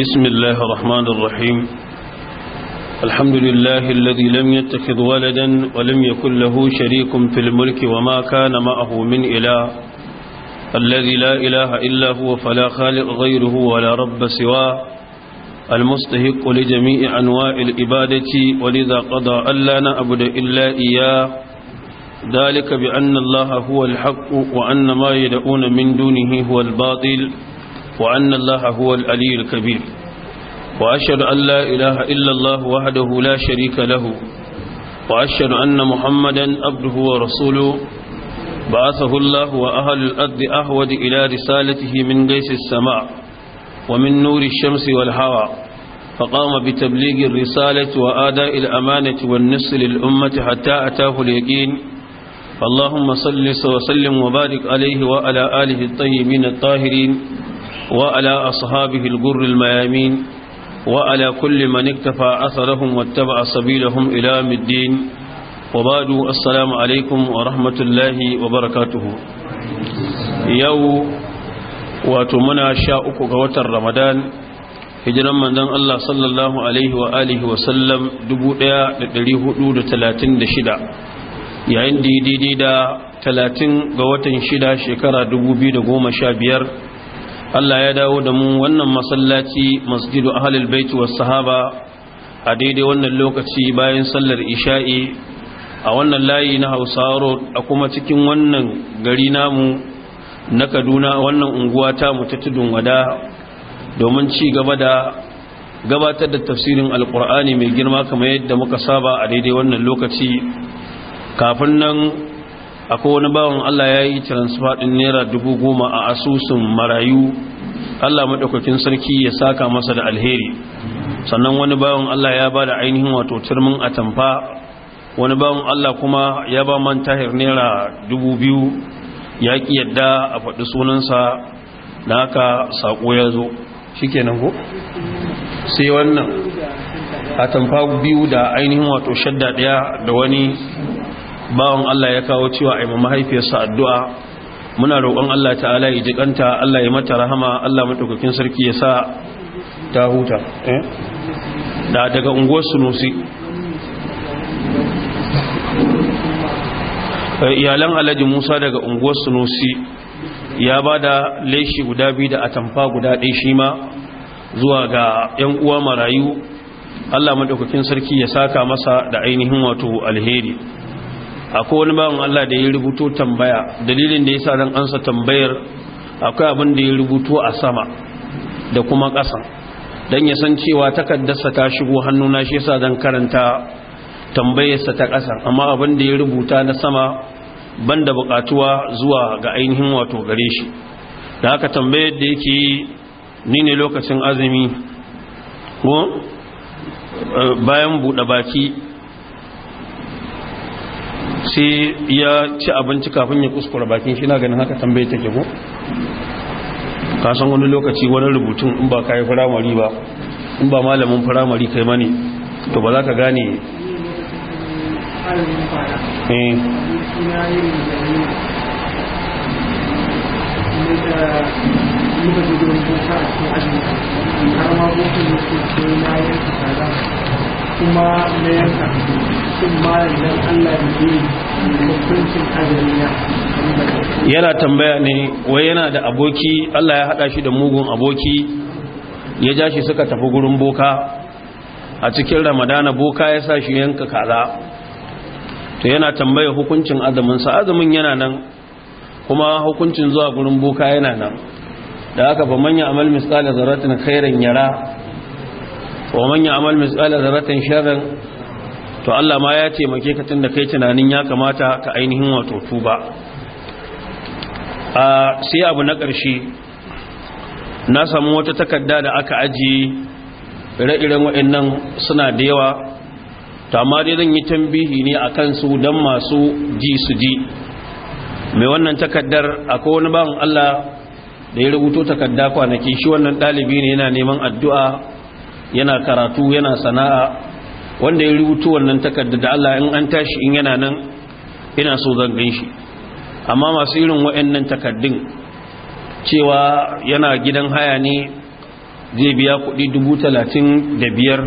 بسم الله الرحمن الرحيم الحمد لله الذي لم يتخذ ولدا ولم يكن له شريك في الملك وما كان معه من إله الذي لا إله إلا هو فلا خالق غيره ولا رب سواه المستهق لجميع أنواع الإبادة ولذا قضى ألا نعبد إلا إياه ذلك بأن الله هو الحق وأن ما يدعون من دونه هو الباطل وأن الله هو الألي الكبير وأشهد أن لا إله إلا الله وحده لا شريك له وأشهد أن محمدا عبده ورسوله بعثه الله وأهل الأرض أهود إلى رسالته من قيس السماء ومن نور الشمس والهوى فقام بتبليغ الرسالة وآداء الأمانة والنصر للأمة حتى أتاه اليقين اللهم صل وسلم وبارك عليه وعلى آله الطيبين الطاهرين وعلى أصحابه الجر الميامين وعلى كل من اكتفى أثرهم واتبع سبيلهم إلى الدين وبعد السلام عليكم ورحمة الله وبركاته يو واتمنى شاءك قوة رمضان hijiran manzon Allah sallallahu alaihi wa alihi wa sallam 1436 yayin daidai da 30 ga watan 6 shekara 2015 Allah ya dawo da mu wannan masallaci masjidu ahlul baiti was sahaba a daidai wannan lokaci bayan sallar isha'i a wannan layi na Hausa road a kuma cikin wannan gari namu na Kaduna wannan unguwa ta mu ta tudun wada domin ci gaba da gabatar da tafsirin alqur'ani mai girma kamar yadda muka saba a daidai wannan lokaci kafin nan akwai wani bawan Allah ya yi transfer din naira dubu goma a asusun marayu Allah maɗaukakin sarki ya saka masa da alheri sannan wani bawan Allah ya ba da ainihin wato turmin atamfa wani bawan Allah kuma ya ba man tahir naira dubu biyu ya ƙi yadda a faɗi sunansa da aka saƙo ya zo shi kenan ko sai wannan atamfa biyu da ainihin wato shadda ɗaya da wani bawan Allah ya kawo cewa a yi mahaifiyarsa addu'a muna roƙon Allah ta'ala ya ji ƙanta Allah ya mata rahama Allah maɗaukakin sarki ya sa ta huta eh? da daga unguwar sunusi eh, iyalan alhaji musa daga unguwar sunusi ya ba da leshi guda biyu da atamfa guda ɗai shi ma zuwa ga 'yan uwa marayu Allah maɗaukakin sarki ya saka masa da ainihin wato alheri akwai wani bawan Allah da ya rubuto tambaya dalilin da ya sa dan ansa tambayar akwai abin da ya rubuto a sama da kuma ƙasa dan ya san cewa takaddarsa ta shigo hannu hannuna shi yasa dan karanta tambayarsa ta ƙasa amma abin da ya rubuta na sama ban da buƙatuwa zuwa ga ainihin wato gare shi da haka tambayar da yake ni ne lokacin azumi ko eh, bayan buɗe baki sai ya ci abinci kafin ya kuskura bakin shi na ganin haka tambaye take ko kasan wani lokaci wani rubutun in ba ka yi firamari ba in ba malamin firamari kai mani to ba za ka gane eh kuma na yanka shin malam dan Allah ya ne hukuncin azaliya yana tambaya ne wai yana da aboki Allah ya hada shi da mugun aboki ya ja shi suka tafi gurin boka a cikin ramadana boka ya sa shi yanka kaza to yana tambaya hukuncin azumin sa azumin yana nan kuma hukuncin zuwa gurin boka yana nan da aka fa manya amal misali zarratin khairan yara wa manya ya'mal mithqala dharratin sharran to Allah ma ya ce make ka tunda kai tunanin ya kamata ka ainihin wato tuba a sai abu na ƙarshe na samu wata takarda da aka ajiye ire-iren waɗannan suna da yawa to amma dai zan yi tambihi ne a su dan masu ji su ji mai wannan takardar akwai wani bawan Allah da ya rubuto takarda kwanaki shi wannan ɗalibi ne yana neman addu'a yana karatu yana sana'a wanda ya rubuta wannan takarda da Allah in an tashi in yana nan ina so zan gan shi amma masu irin waɗannan takardun cewa yana gidan haya ne zai biya kuɗi dubu talatin da biyar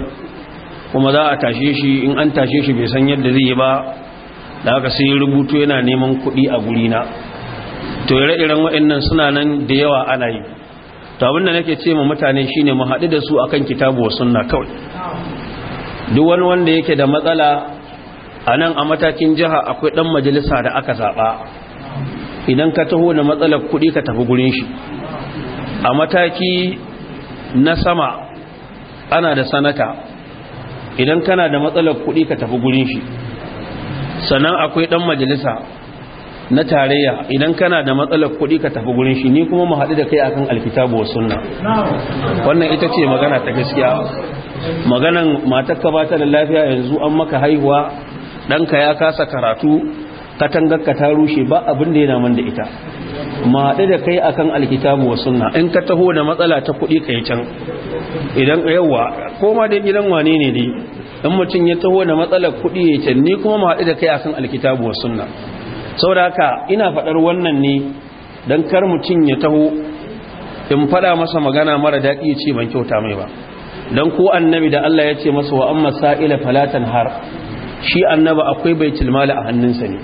kuma za a tashe shi in an tashe shi bai san yadda zai yi ba da haka sai rubutu yana neman kuɗi a gurina to ire-iren waɗannan suna nan da yawa ana yi to abinda nake ce ma mutane shine mu haɗu da su akan kitabu wa sunna kawai duk wani wanda yake da matsala a nan a matakin jiha akwai ɗan majalisa da aka zaɓa idan ka taho da matsalar kuɗi ka tafi gurin shi a mataki na sama ana da sanata idan kana da matsalar kuɗi ka tafi gurin shi sannan akwai ɗan majalisa na tarayya idan kana da matsalar kuɗi ka tafi gurin shi ni kuma mu haɗu da kai akan alkitabu wa sunna wannan ita ce magana ta gaskiya maganan matar ka bata da lafiya yanzu an maka haihuwa ɗanka ya kasa karatu katangar ka ta rushe ba abin da yana man da ita ma haɗu da kai akan alkitabu wa sunna in ka taho da matsala ta kuɗi ka can idan yawa ko ma dai gidan wane ne dai in mutum ya taho da matsalar kuɗi ya can ni kuma mu haɗu da kai akan alkitabu wa sunna saboda haka ina faɗar wannan ne don kar mutum ya taho in faɗa masa magana mara daɗi ya ce ban kyauta mai ba don ko annabi da Allah ya ce masa wa amma sa'ila falatan har shi annaba akwai baitul mali a hannunsa ne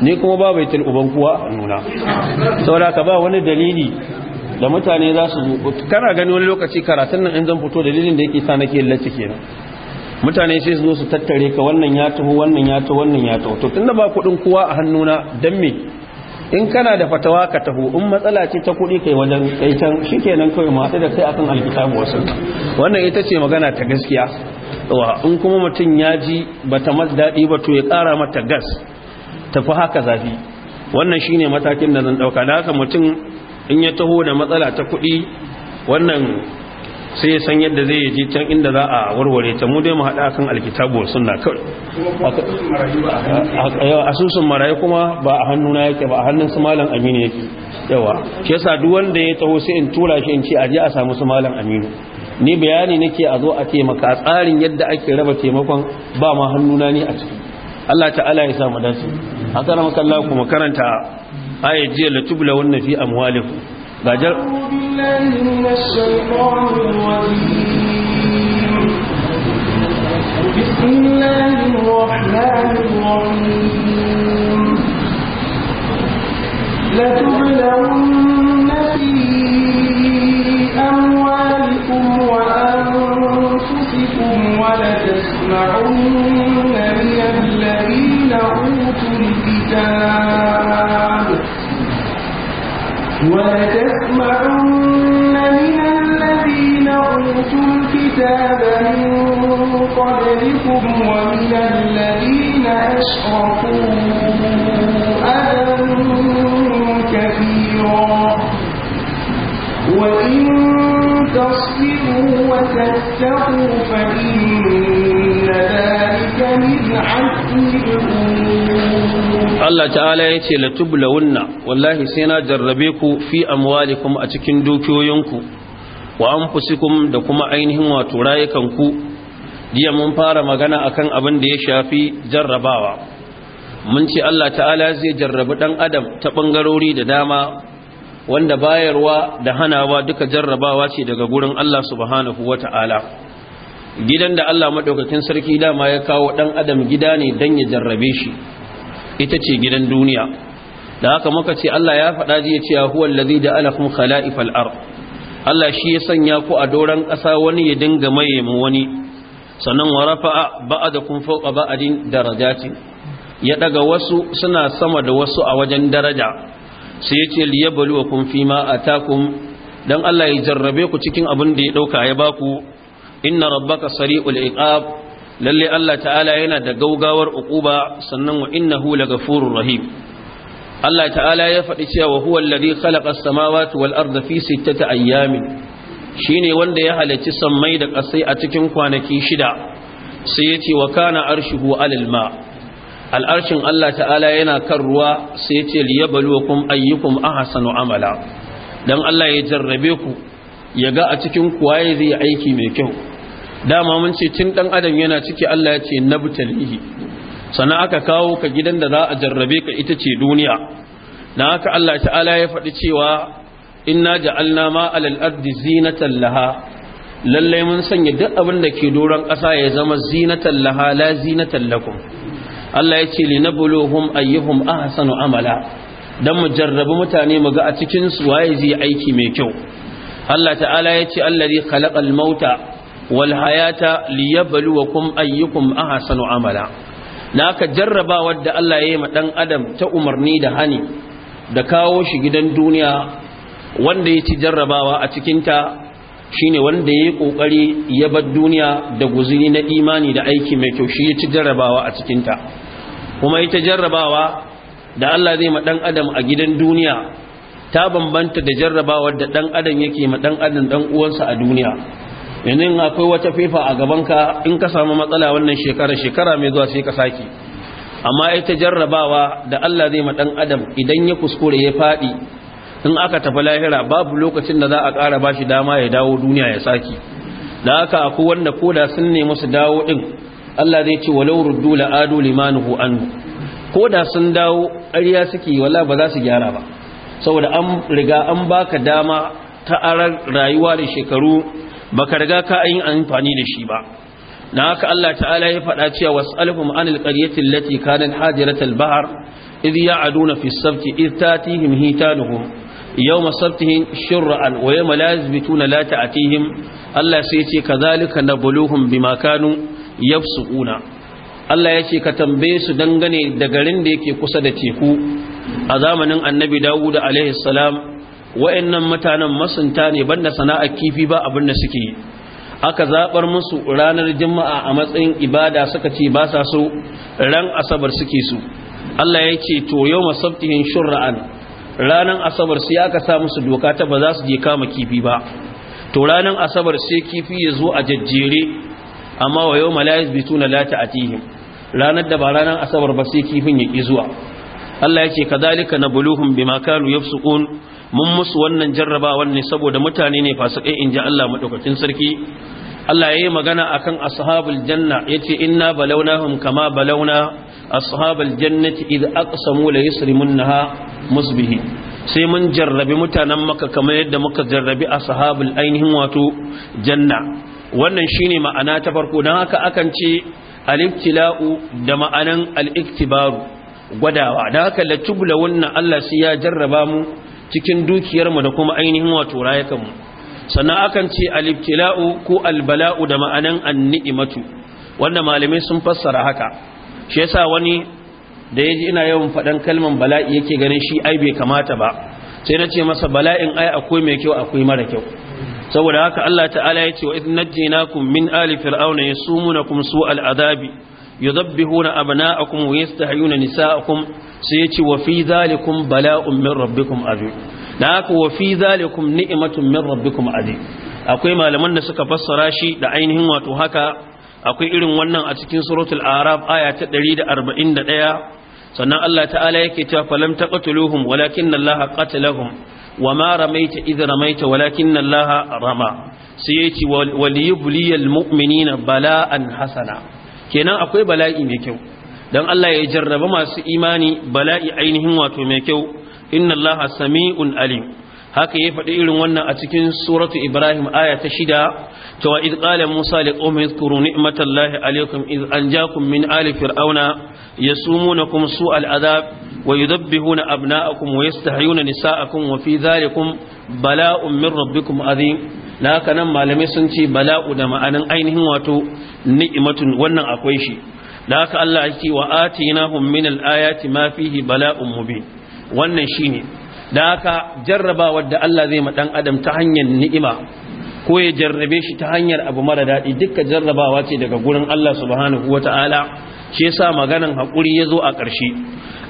ni kuma ba baitul uban kuwa a nuna. saboda ka ba wani dalili da mutane za su kana gani wani lokaci karatun nan in zan fito dalilin da yake sa nake lalace kenan mutane sai su zo su tattare ka wannan ya taho wannan ya taho wannan ya taho to tunda ba kuɗin kowa a hannuna dan me in kana da fatawa ka taho in matsala ce ta kuɗi kai wajen kaitan shikenan ma masu da kai akan alkitabu wasu wannan ita ce magana ta gaskiya Wa in kuma mutum ya ji bata mas dadi ba to ya kara mata gas tafi haka zafi wannan shine matakin da zan dauka da haka mutum in ya taho da matsala ta kuɗi wannan sai ya san yadda zai yi can inda za a warware ta mu dai mu haɗa kan alkitabu sunna kawai asusun marayu kuma ba a hannuna yake ba a hannun su malam aminu yake yawa shi yasa duk wanda ya taho sai in tura shi in ce a je a samu su malam aminu ni bayani nake a zo a taimaka tsarin yadda ake raba taimakon ba ma hannuna ne a ciki Allah ta'ala ya sa mu dace a karamaka Allah mu karanta ayat jiya la tubla wannan fi amwalikum باجل بسم الله الرحمن الرحيم لتبلون في أموالكم وأنفسكم ولتسمعن من الذين أوتوا الكتاب ولتسمعن من الذين أوتوا الكتاب من قبلكم ومن الذين أشركوا أذى كثيرا وإن تصبروا وتتقوا فإن ذلك من عزم Allah ta'ala ya ce la latublawunna wallahi sai na jarrabe ku fi amwalikum a cikin dukiyoyinku wa anfusikum da kuma ainihin wato ku. jiya mun fara magana akan abin da ya shafi jarrabawa mun ce Allah ta'ala zai jarrabi dan adam ta bangarori da dama wanda bayarwa da hanawa duka jarrabawa ce daga gurin Allah subhanahu wata'ala gidan da Allah madaukakin sarki dama ya kawo dan adam gida ne dan ya jarrabe shi ita ce gidan duniya da haka muka ce Allah ya faɗa ji ya ce huwa allazi ja'alakum khala'ifal ard Allah shi ya sanya ku a doran ƙasa wani ya dinga maye mu wani sannan wa rafa'a ba'adakum fawqa ba'adin darajatin ya daga wasu suna sama da wasu a wajen daraja sai ya ce liyabluwakum fima atakum dan Allah ya jarrabe ku cikin abin da ya dauka ya baku inna rabbaka sari'ul iqab lalle Allah ta'ala yana da gaugawar uquba sannan wa innahu lagafurur rahim Allah ta'ala ya faɗi cewa huwa alladhi khalaqa as-samawati wal arda fi sittati ayyamin shine wanda ya halarci sammai da ƙasai a cikin kwanaki shida sai ya ce wa kana arshuhu alal ma al'arshin Allah ta'ala yana kan ruwa sai ya ce liyabluwakum ayyukum ahsanu amala dan Allah ya jarrabe ku ya ga a cikin kuwaye zai aiki mai kyau dama mun ce tun dan adam yana ciki Allah ya ce nabtalihi sannan aka kawo ka gidan da za a jarrabe ka ita ce duniya na haka Allah ta'ala ya faɗi cewa inna ja'alna ma alal ardi zinatan laha lallai mun sanya duk abin da ke doron ƙasa ya zama zinatan laha la zinatan lakum Allah ya ce linabluhum ayyuhum ahsanu amala dan mu jarrabi mutane mu ga a cikin su waye zai aiki mai kyau Allah ta'ala ya ce allazi khalaqal mauta wal hayata liyabluwakum ayyukum ahsanu amala naka jarraba wadda Allah ya yi ma dan adam ta umarni da hani da kawo shi gidan duniya wanda ya jarrabawa a cikin ta shine wanda yayi yi kokari ya bar duniya da guzuri na imani da aiki mai kyau shi ya ci jarrabawa a cikin ta kuma ita jarrabawa da Allah zai ma dan adam a gidan duniya ta bambanta da jarrabawar da dan adam yake ma dan adam dan uwansa a duniya yanzu akwai wata fefa a gaban ka in ka samu matsala wannan shekara shekara mai zuwa sai ka saki amma ita jarrabawa da Allah zai ma dan adam idan ya kuskure ya fadi in aka tafi lahira babu lokacin da za a ƙara bashi dama ya dawo duniya ya saki da haka akwai wanda koda sun nemi su dawo din Allah zai ce walau ruddu la'adu limanuhu Ko koda sun dawo ƙarya suke wala ba za su gyara ba saboda an riga an baka dama ta arar rayuwa da shekaru baka riga ka yin amfani da shi ba na haka Allah ta'ala ya faɗa cewa was'alhum anil qaryati allati kanat hadirat al-bahr idh ya'aduna fi as-sabti idh tatihim hitanuhum yawma sabtihim shur'an wa yawma la yazbituna la ta'tihim Allah sai yace kadhalika nabluhum bima kanu yafsuquna Allah ya ce ka tambaye su dangane da garin da yake kusa da teku a zamanin Annabi Dawud alaihi salam wa'annan mutanen masunta ne banda sana'ar kifi ba abin da suke yi aka zabar musu ranar juma'a a matsayin ibada suka ce ba sa so ran asabar suke su Allah ya ce to yau masabtihin shurra'an ranar asabar sai aka sa musu doka ta ba za su je kama kifi ba to ranar asabar sai kifi ya zo a jajjere amma wa yau malayis bituna la lata ranar da ba ranar asabar ba sai kifin ya ƙi zuwa Allah ya ce kadalika nabluhum na buluhun bi mun musu wannan jarrabawan ne saboda mutane ne fasikai in ji Allah madaukakin sarki Allah ya yi magana akan ashabul janna yace inna balawnahum kama balauna ashabul jannati id aqsamu la yusrimunha musbihi sai mun jarrabi mutanen maka kamar yadda muka jarrabi ashabul ainihin wato janna wannan shine ma'ana ta farko dan haka akan ce al-ibtila'u da ma'anan al-iktibaru gwadawa dan haka la tubla wannan Allah sai ya jarraba mu cikin dukiyarmu da kuma ainihin wato rayukanmu sannan akan ce alibtila'u ko albala'u da ma'anan anni'imatu wanda malamai sun fassara haka shi yasa wani da yaji ina yawan faɗan kalman bala'i yake ganin shi ai bai kamata ba sai na ce masa bala'in ai akwai mai kyau akwai mara kyau saboda haka Allah ta'ala ya ce wa idh najjinakum min ali fir'auna yasumunakum su'al adabi yudabbihuna abna'akum wa yastahyuna nisa'akum sai yace wa fi zalikum bala'un min rabbikum azim dan haka wa fi zalikum ni'matun min rabbikum azim akwai malaman da suka fassara shi da ainihin wato haka akwai irin wannan a cikin suratul araf aya ta 141 sannan Allah ta'ala yake cewa falam taqtuluhum walakinna Allah qatalahum وما رميت إذ رميت ولكن الله رمى سيأتي وليبلي المؤمنين بلاء حسنا kenan akwai bala'i mai kyau dan Allah ya jarraba masu imani bala'i ainihin wato mai kyau inna Allah sami'un alim haka ya faɗi irin wannan a cikin suratu ibrahim aya ta shida ta wa idqala musa li qaumi zkuru ni'matallahi alaykum iz anjakum min ali fir'auna yasumunakum su adab wa yudabbihuna abna'akum wa yastahyuna nisa'akum wa fi dhalikum bala'un min rabbikum azim na haka nan malamai sun ce bala'u da ma'anin ainihin wato ni'imatun wannan akwai shi da haka Allah yake wa atinahum min al-ayati ma fihi bala'un mubin wannan shine da haka jarrabawar da Allah zai ma dan adam ta hanyar ni'ima ko ya jarrabe shi ta hanyar abu mara daɗi dukkan jarrabawa ce daga gurin Allah subhanahu wata'ala shi yasa maganan hakuri yazo a ƙarshe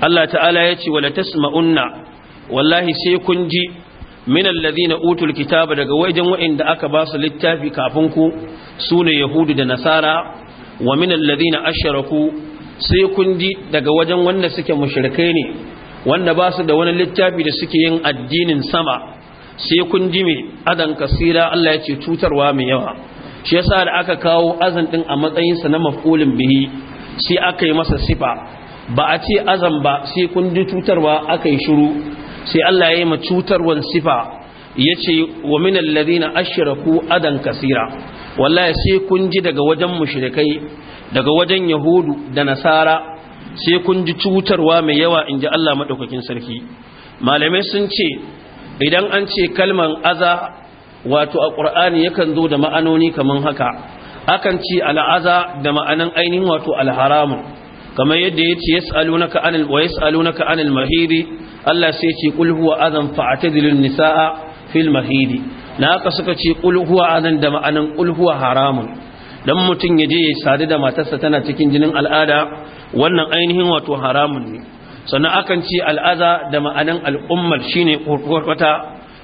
Allah ta'ala ya ce wala tasma'unna wallahi sai kun ji min alladhina utul kitaba daga wajen wa'inda aka ba su littafi kafin ku sune yahudu da nasara wa min alladhina asharaku sai kun ji daga wajen wanda suke mushrikai ne wanda ba su da wani littafi da suke yin addinin sama sai kun ji mai adan kasira Allah ya ce cutarwa mai yawa shi yasa da aka kawo azan din a matsayin sa na maf'ulin bihi sai aka yi masa sifa ba a ce azan ba sai kun ji cutarwa aka yi shiru sai Allah ya yi macutarwan sifa ya ce wa minan ladina ashiraku adan kasira wallahi sai kun ji daga wajen mushrikai daga wajen yahudu da nasara sai kun ji cutarwa mai yawa in ji Allah maɗaukakin sarki malamai sun ce idan an ce kalman aza wato a ƙur'ani yakan zo da ma'anoni kamar haka akan ce al'aza da ma'anan ainihin wato alharamun kamar yadda ya ce yas'alunaka anil wa yas'alunaka anil Mahiri? Allah sai ce qul huwa adhan fa'tadilun nisaa fil mahidi na haka suka ce qul huwa da ma'anan qul huwa haramun dan mutun yaje ya sadu da matarsa tana cikin jinin al'ada wannan ainihin wato haramun ne sannan akan ce al'aza da ma'anan al'ummar shine kurkurwata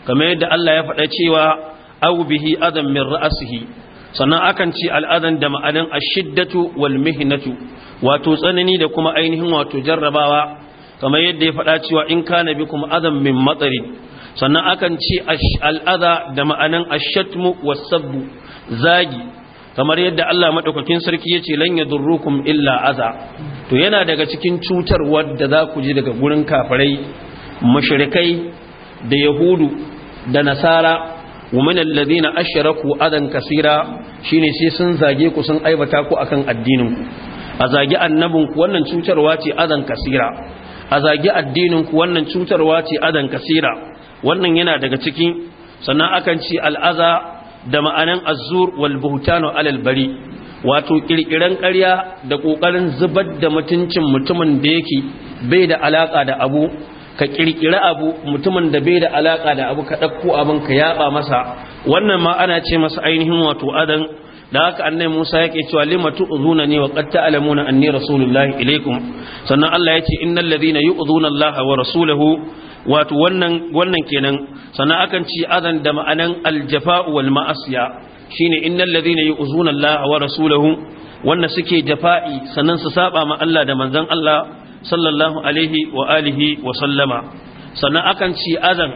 kamar yadda Allah ya faɗa cewa aw bihi adam min ra'sihi sannan akan ce al'adan da ma'anin ashiddatu wal mihnatu wato tsanani da kuma ainihin wato jarrabawa kamar yadda ya faɗa cewa in kana kuma azan min matsari sannan akan ce al'adha da ma'anan ashatmu wasabbu zagi kamar yadda Allah madaukakin sarki yace lan yadurrukum illa aza. to yana daga cikin cutarwar da za ku ji daga gurin kafirai mushrikai da yahudu da nasara ومن الذين sai sun zage شيني سيسن زاجيكو سن أيبتاكو a zagi annabin ku wannan cutarwa ce azan kasira. a zagi addinin ku wannan cutarwa ce adan kasira wannan yana daga cikin sannan akan ci al'aza da ma'anan azzur wal buhtanu alal bari wato kirkiran ƙarya da ƙoƙarin zubar da mutuncin mutumin da yake bai da alaka da abu ka ƙirƙira abu mutumin da bai da alaka da abu ka ɗauko abin ka yaɓa masa wannan ma ana ce masa ainihin wato adan da haka annai Musa yake cewa lima tu'zuna ni wa qad ta'lamuna anni rasulullahi ilaikum sannan Allah yace innal ladhina yu'zuna Allah wa rasulahu wato wannan wannan kenan sannan akan ci azan da ma'anan aljafa'u wal ma'asiya shine innal ladhina yu'zuna Allah wa rasulahu Wannan suke jafa'i sannan su saba ma Allah da manzon Allah sallallahu alaihi wa alihi wa sallama sannan akan ci azan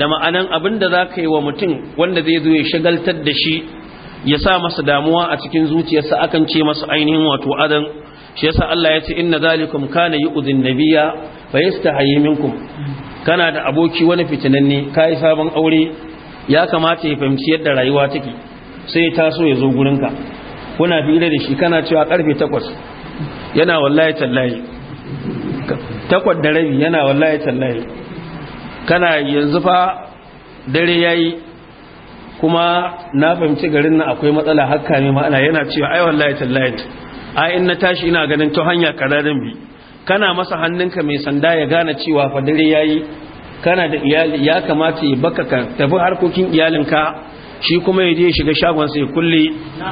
da ma'anan abinda zaka yi wa mutum wanda zai zo ya shagaltar da shi ya sa masa damuwa a cikin zuciyarsa akan ce masa ainihin wato adan shi yasa Allah ya ce inna zalikum kana yu'dhin nabiyya fa yastahi minkum kana da aboki wani fitinanne kai sabon aure ya kamata ya fahimci yadda rayuwa take sai ya taso ya zo gurinka kuna fira da shi kana cewa karfe 8 yana wallahi tallahi takwas da rabi yana wallahi tallahi kana yanzu fa dare yayi kuma na fahimci garin nan akwai matsala hakka ne ma'ana yana cewa ai wallahi tallahi ai in na tashi ina ganin ta hanya kararin bi kana masa hannunka mai sanda ya gane cewa fa dare yayi kana da iyali ya kamata ya baka ka tafi harkokin iyalinka shi kuma ya je ya shiga shagon ya kulle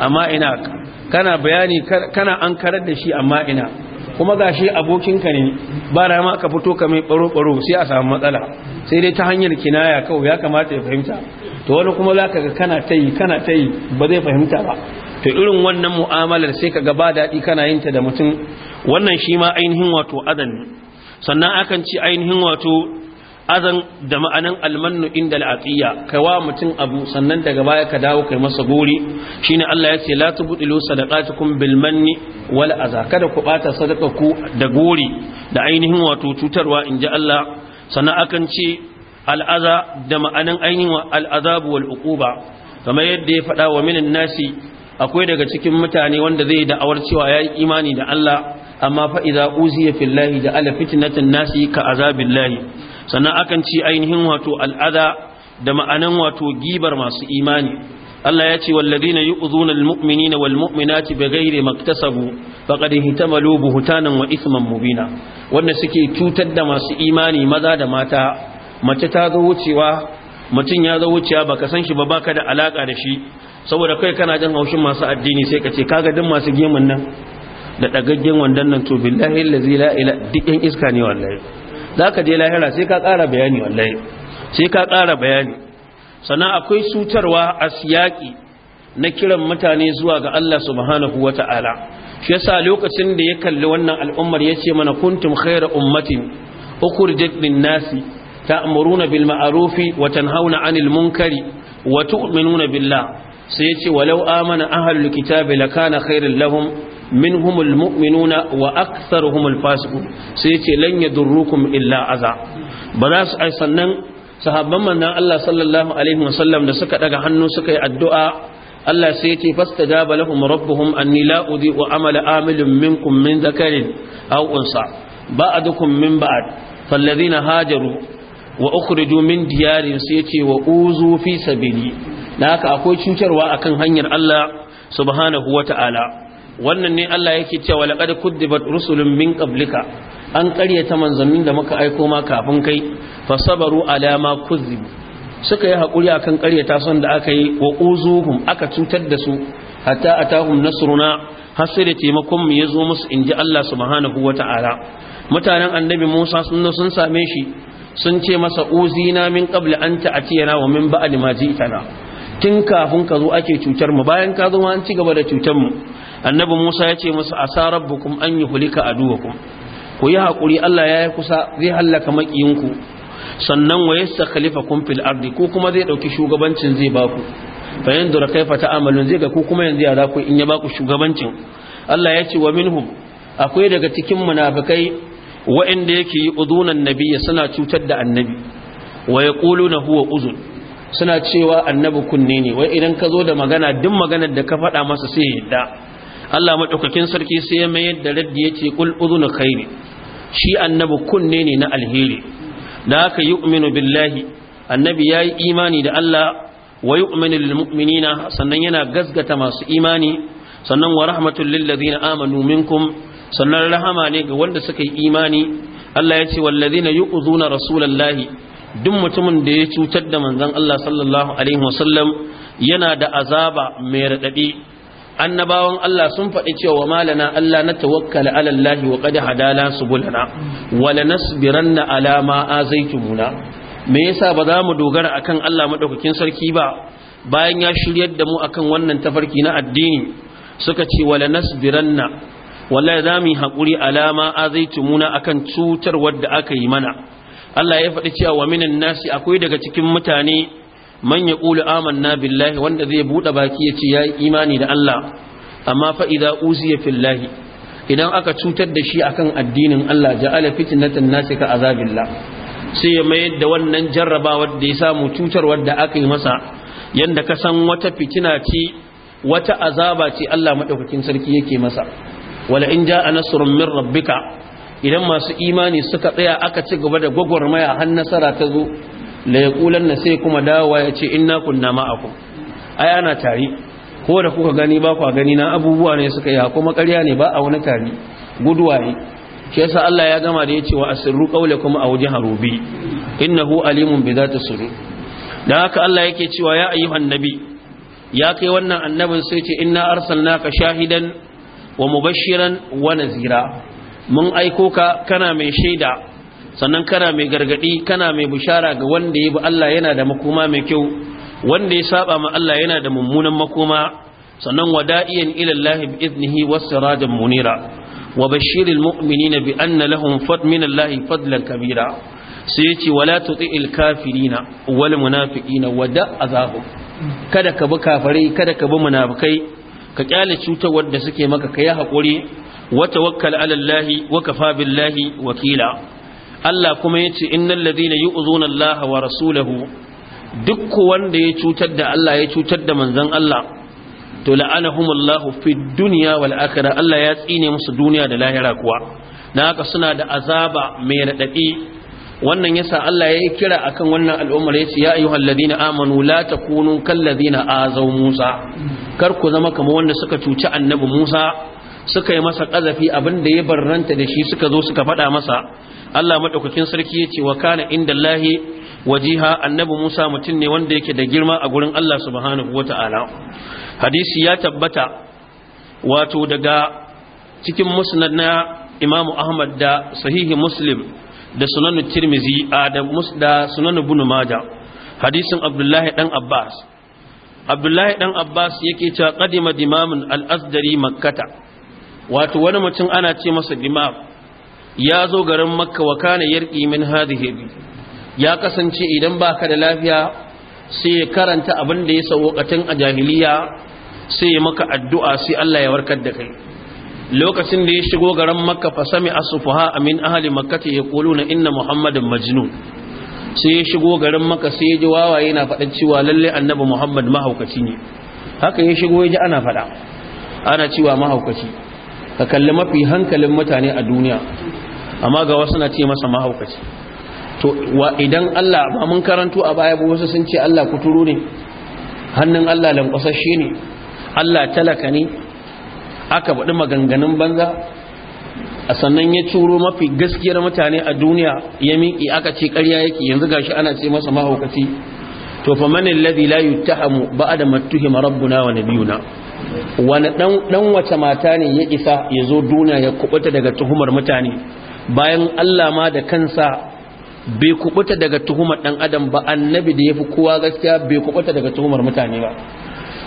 amma ina kana bayani kana an da shi amma ina kuma gashi abokinka ne ba da ma ka fito ka mai baro-baro sai a samu matsala sai dai ta hanyar kinaya kawai ya kamata ya fahimta to wani kuma za ka ga kana ta yi kana ta yi ba zai fahimta ba to irin wannan mu'amalar sai ka gaba daɗi kana yin ta da mutum wannan shi ma ainihin wato adan sannan akan ci ainihin wato azan da ma'anan almannu inda al'atiyya kai wa mutum abu sannan daga baya ka dawo kai masa gori shine Allah ya ce la tubdilu sadaqatukum bil manni wal aza kada ku bata sadaka ku da gori da ainihin wato cutarwa inji Allah sannan akan ce al'aza da ma'anan ainihin al'azabu wal uquba kamar yadda ya faɗa wa minan nasi akwai daga cikin mutane wanda zai da'awar cewa yayi imani da Allah amma fa idza uziya fillahi ja'ala fitnatan nasi ka azabillahi sannan akan ci ainihin wato al'ada da ma'anan wato gibar masu imani Allah ya ce wallazina na almu'minina walmu'minati bighairi maktasabu faqad ihtamalu buhtanan wa ithman mubina wanda suke cutar da masu imani maza da mata mace ta zo wucewa mutum ya zo wucewa baka san shi ba baka da alaka da shi saboda kai kana jan haushin masu addini sai ka ce kaga din masu geman nan da dagaggen wandan nan to billahi allazi ila duk yan iska ne wallahi za ka je lahira sai ka ƙara bayani wallahi sai ka ƙara bayani sannan akwai cutarwa a siyaƙi na kiran mutane zuwa ga Allah subhanahu wa ta'ala shi yasa lokacin da ya kalli wannan al'ummar ya ce mana kuntum khaira ummatin ukhrijat lin-nasi ta'muruna bil ma'rufi wa tanhauna 'anil munkari wa tu'minuna billah sai ya ce walau amana ahlul kitabi lakana khairan lahum منهم المؤمنون واكثرهم الفاسقون سيتي لن يضركم الا اذى بلاس اي سنن صحابان من الله صلى الله عليه وسلم ده suka ɗaga hannu suka yi addu'a Allah sai yace fastajaba lahum rabbuhum anni la udi wa amala amilun minkum min dhakarin aw unsa ba'dukum min ba'd falladhina hajaru wa ukhriju min diyari sai yace wa uzu fi sabili da haka akwai cincarwa akan hanyar Allah subhanahu wa ta'ala wannan ne Allah yake cewa laqad kuddibat rusulun min qablika an ƙaryata manzannin da muka aiko ma kafin kai fasabaru ala ma suka yi hakuri akan ƙaryata son da aka yi wa uzuhum aka cutar da su hatta atahum nasruna har sai da taimakon mu yazo musu inji Allah subhanahu wataala mutanen annabi Musa sun sun same shi sun ce masa uzina min qabli an atiyana wa min ba'di ma ji'tana tun kafin ka zo ake cutar mu bayan ka zo ma an ci gaba da cutar mu annabi musa ya ce musu asa rabbukum an a duwakun ku yi haƙuri allah ya yi kusa zai hallaka maƙiyinku sannan wa yasta khalifa kun fil ardi ko kuma zai ɗauki shugabancin zai baku fa yanzu da kaifa ta'amalun zai ga ku kuma yanzu ya za ku in ya baku shugabancin allah ya ce wa minhum akwai daga cikin munafikai wa'inda yake yi uzunan nabiyya suna cutar da annabi wa yaquluna huwa uzun suna cewa annabi kunne ne wai idan ka zo da magana duk maganar da ka faɗa masa sai ya yadda Allah madaukakin sarki sai ya mayar da raddi yace kul udhunu khairi shi annabi kunne ne na alheri da haka yu'minu billahi annabi yayi imani da Allah wa yu'minu lil mu'minina sannan yana gasgata masu imani sannan wa rahmatul lil ladina amanu minkum sannan rahama ne ga wanda suka yi imani Allah ya ce wallazina yu'zuna rasulullahi duk mutumin da ya cutar da manzon Allah sallallahu alaihi wasallam yana da azaba mai radadi annabawan Allah sun faɗi cewa malana Allah na tawakkala ala wa qad hadala subulana wa lanasbiranna ala ma azaitumuna me yasa ba za mu dogara akan Allah madaukakin sarki ba bayan ya shiryar da mu akan wannan tafarki na addini suka ce wa lanasbiranna wallahi za mu yi hakuri ala ma azaitumuna akan cutar wadda aka yi mana Allah ya faɗi cewa wa minan nasi akwai daga cikin mutane man ya kula amanna billahi wanda zai buɗe baki ya ce ya yi imani da Allah amma fa'iza uziya fillahi idan aka cutar da shi akan addinin Allah ja'ala fitnatan nasi ka azabillah sai ya mayar da wannan jarrabawar da ya samu cutarwar da aka yi masa yanda ka san wata fitina ce wata azaba ce Allah madaukakin sarki yake masa wala in ja'a nasrun min rabbika idan masu imani suka tsaya aka ci gaba da gwagwarmaya har nasara ta zo la na sai kuma dawowa ya ce inna kunna ma'akum ai ana tari ko da kuka gani ba kwa gani na abubuwa ne suka yi kuma ƙarya ne ba a wani tari guduwa ne shi yasa Allah ya gama da ya ce wa asirru qawlakum aw jaharu bi innahu alimun bi zati sudur dan haka Allah yake cewa ya ayyuhan nabi ya kai wannan annabin sai ce inna arsalnaka shahidan wa mubashiran wa nazira mun aiko ka kana mai shaida sannan kana mai gargadi kana mai bishara ga wanda ya bi Allah yana da makoma mai kyau wanda ya saba ma Allah yana da mummunan makoma sannan wada'iyan ila Allah bi idnihi was munira wa bashiril mu'minina bi anna lahum fad min Allah fadlan kabira sai yace wala tuti'il kafirina wal munafiqina wada azahum kada ka bi kafirai kada ka bi munafikai ka kyale cutar da suke maka ka yi hakuri wa tawakkal ala Allah wa kafa billahi wakila Allah kuma ya ce innal ladina yu'zuna Allah wa rasulahu duk wanda ya cutar da Allah ya cutar da manzon Allah to la'anahum Allah fi duniya wal akhirah Allah ya tsine musu duniya da lahira kuwa dan haka suna da azaba mai radadi wannan yasa Allah ya yi kira akan wannan al'ummar ya ce ya ayyuhal ladina amanu la takunu kal ladina azaw Musa kar ku zama kamar wanda suka cuci annabi Musa suka yi masa ƙazafi abin da ya barranta da shi suka zo suka faɗa masa Allah madaukakin sarki yace wa kana indallahi wajiha annabi Musa mutum ne wanda yake da girma a gurin Allah subhanahu Ta'ala. hadisi ya tabbata wato daga cikin musnad na Imam Ahmad da sahihi Muslim da sunan Tirmizi a da musda sunan Ibn Majah hadisin Abdullahi dan Abbas Abdullahi dan Abbas yake cewa qadima dimamun al-asdari makkata wato wani mutum ana ce masa dimam ya zo garin makka wa kana yarki min hadhihi bi ya kasance idan baka da lafiya sai ya karanta abin da ya sawwakatin a jahiliya sai ya maka addu'a sai Allah ya warkar da kai lokacin da ya shigo garin makka fa sami asufaha min ahli ya kuluna inna muhammadan majnun sai ya shigo garin maka sai ya ji wawa na faɗin cewa lalle annabi muhammad mahaukaci ne haka ya shigo ya ji ana faɗa ana cewa mahaukaci ka kalli mafi hankalin mutane a duniya amma ga wasu na ce masa mahaukaci to wa idan Allah ba mun karanto a baya ba wasu sun ce Allah kuturu ne hannun Allah lankwasashe ne Allah talaka ne aka baɗi maganganun banza a sannan ya curo mafi gaskiyar mutane a duniya ya miƙi aka ce karya yake yanzu gashi ana ce masa mahaukaci to fa man alladhi la yuttahamu ba'da tuhima rabbuna wa nabiyuna wani dan wace mata ne ya isa ya zo duniya ya kubuta daga tuhumar mutane bayan Allah ma da kansa bai kubuta daga tuhumar dan adam ba annabi da yafi kowa gaskiya bai kubuta daga tuhumar mutane ba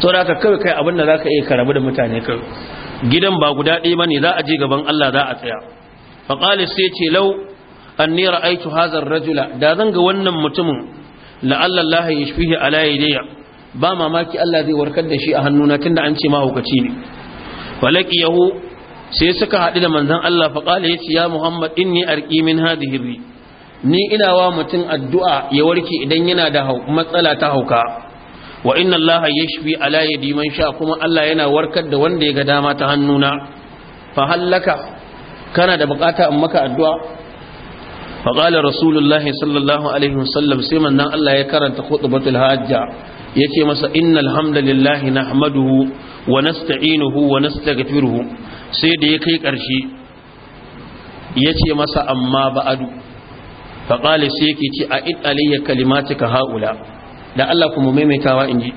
to da ka kai kai abin da zaka iya karabu da mutane kai gidan ba guda ɗaya bane za a je gaban Allah za a tsaya fa qali sai ce lau, anni ra'aytu hadha ar-rajula da zan ga wannan mutumin la'alla Allah yashfihi ala yadiya ba mamaki Allah zai warkar da shi a hannuna tunda an ce mahaukaci ne walaqiyahu sai suka haɗu da manzan Allah fa ya yace ya Muhammad inni arqi min hadhihi bi ni ina wa mutum addu'a ya warke idan yana da matsala ta hauka wa inna Allah yashfi ala yadi man sha kuma Allah yana warkar da wanda ya ga dama ta hannuna fa hallaka kana da bukata in maka addu'a fa qala rasulullah sallallahu alaihi wasallam sai manzan Allah ya karanta khutbatul hajja yace masa innal hamdalillah nahmaduhu wa nasta'inuhu wa nastaghfiruhu sai da ya kai ƙarshe ya ce masa amma ba'adu faƙali sai yake ce a in alayya kalimatika haula da Allah kuma maimaitawa in ji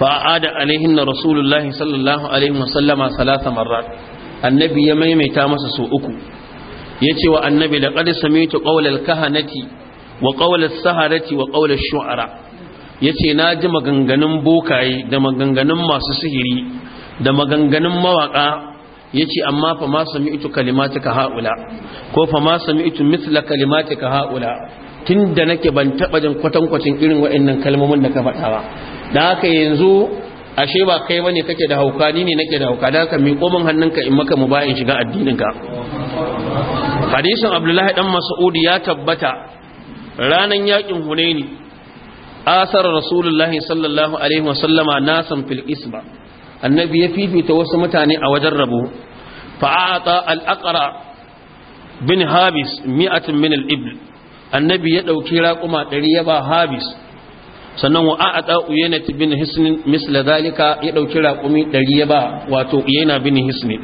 fa'ada alaihin na rasulullahi sallallahu alaihi wasallama salasa marar annabi ya maimaita masa so uku ya ce wa annabi da ƙadar samitu ƙaular kahanati wa ƙaular saharati wa ƙaular shu'ara ya ce na ji maganganun bokaye da maganganun masu sihiri da maganganun mawaƙa yace amma fa ma sami'tu kalimatika haula ko fa ma sami'tu mithla kalimatika haula tunda nake ban taba jin kwatankwacin irin waɗannan kalmomin da ka faɗa ba da haka yanzu ashe ba kai bane kake da hauka ni ne nake da hauka da haka mi komin hannunka in maka mu bayan shiga addininka hadisin abdullahi dan mas'ud ya tabbata ranan yakin hunaini asar rasulullahi sallallahu alaihi wasallama nasan fil isba annabi ya fifita wasu mutane a wajen rabo fa'ata al'aqara bin habis mi'atin min al'ibl annabi ya ɗauki raƙuma ɗari ya ba sannan wa a'ata uyanat bin hisnin misla zalika ya ɗauki raƙumi ɗari ya ba wato uyana bin hisnin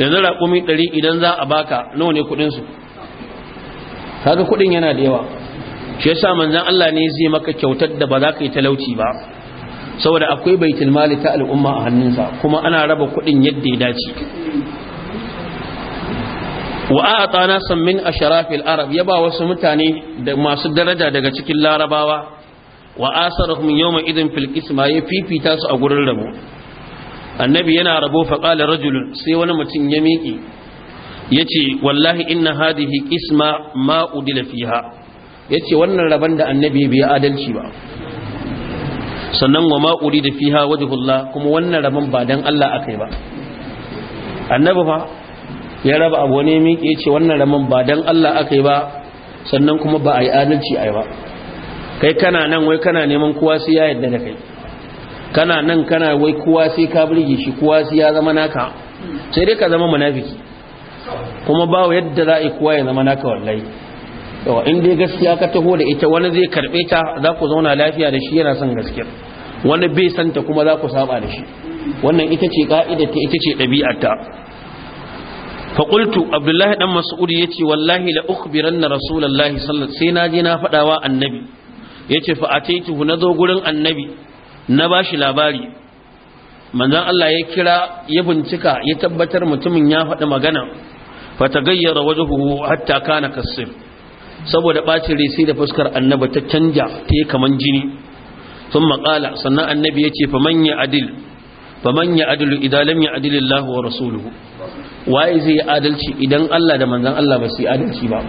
yanzu raƙumi ɗari idan za a baka nawa ne kuɗinsu kaga kuɗin yana da yawa shi yasa manzon Allah ne zai maka kyautar da ba za ka yi talauci ba saboda akwai baitul mali ta al'umma a hannunsa kuma ana raba kuɗin yadda ya dace wa a'ata nasan min asharafil arab ya ba wasu mutane da masu daraja daga cikin larabawa wa asarahum yawma idin fil qisma ya fifita su a gurin rabo annabi yana rabo fa qala rajulun sai wani mutum ya miƙi yace wallahi inna hadhihi qisma ma udila fiha yace wannan raban da annabi bai adalci ba sannan wa ma fiha fiha wajhullah kuma wannan raban ba dan Allah akai ba annabi fa ya raba abu wani miƙe ce wannan ramin ba don Allah aka yi ba sannan kuma ba a yi adalci a yi ba kai kana nan wai kana neman kowa sai ya yadda da kai kana nan kana wai kowa sai ka burge shi kowa sai ya zama naka sai dai ka zama munafiki kuma ba yadda za a yi kowa ya zama naka wallahi yawa in dai gaskiya ka taho da ita wani zai karbe ta za ku zauna lafiya da shi yana son gaskiya wani bai santa kuma za ku saba da shi wannan ita ce ka'idar ta ita ce ɗabi'ar ta faƙultu abdullahi ɗan mas'ud ya ce wallahi la ukhbiran na rasulallahi na je na faɗawa annabi ya ce fa na zo gurin annabi na ba shi labari manzon Allah ya kira ya bincika ya tabbatar mutumin ya faɗi magana fa ta gayyara wajhuhu hatta kana kasir saboda ɓacin rai sai da fuskar annabi ta canja ta yi kaman jini sun maƙala sannan annabi ya ce fa man ya adil fa man ya idan lam ya Allah wa rasuluhu waye zai yi adalci idan Allah da manzon Allah ba su yi adalci ba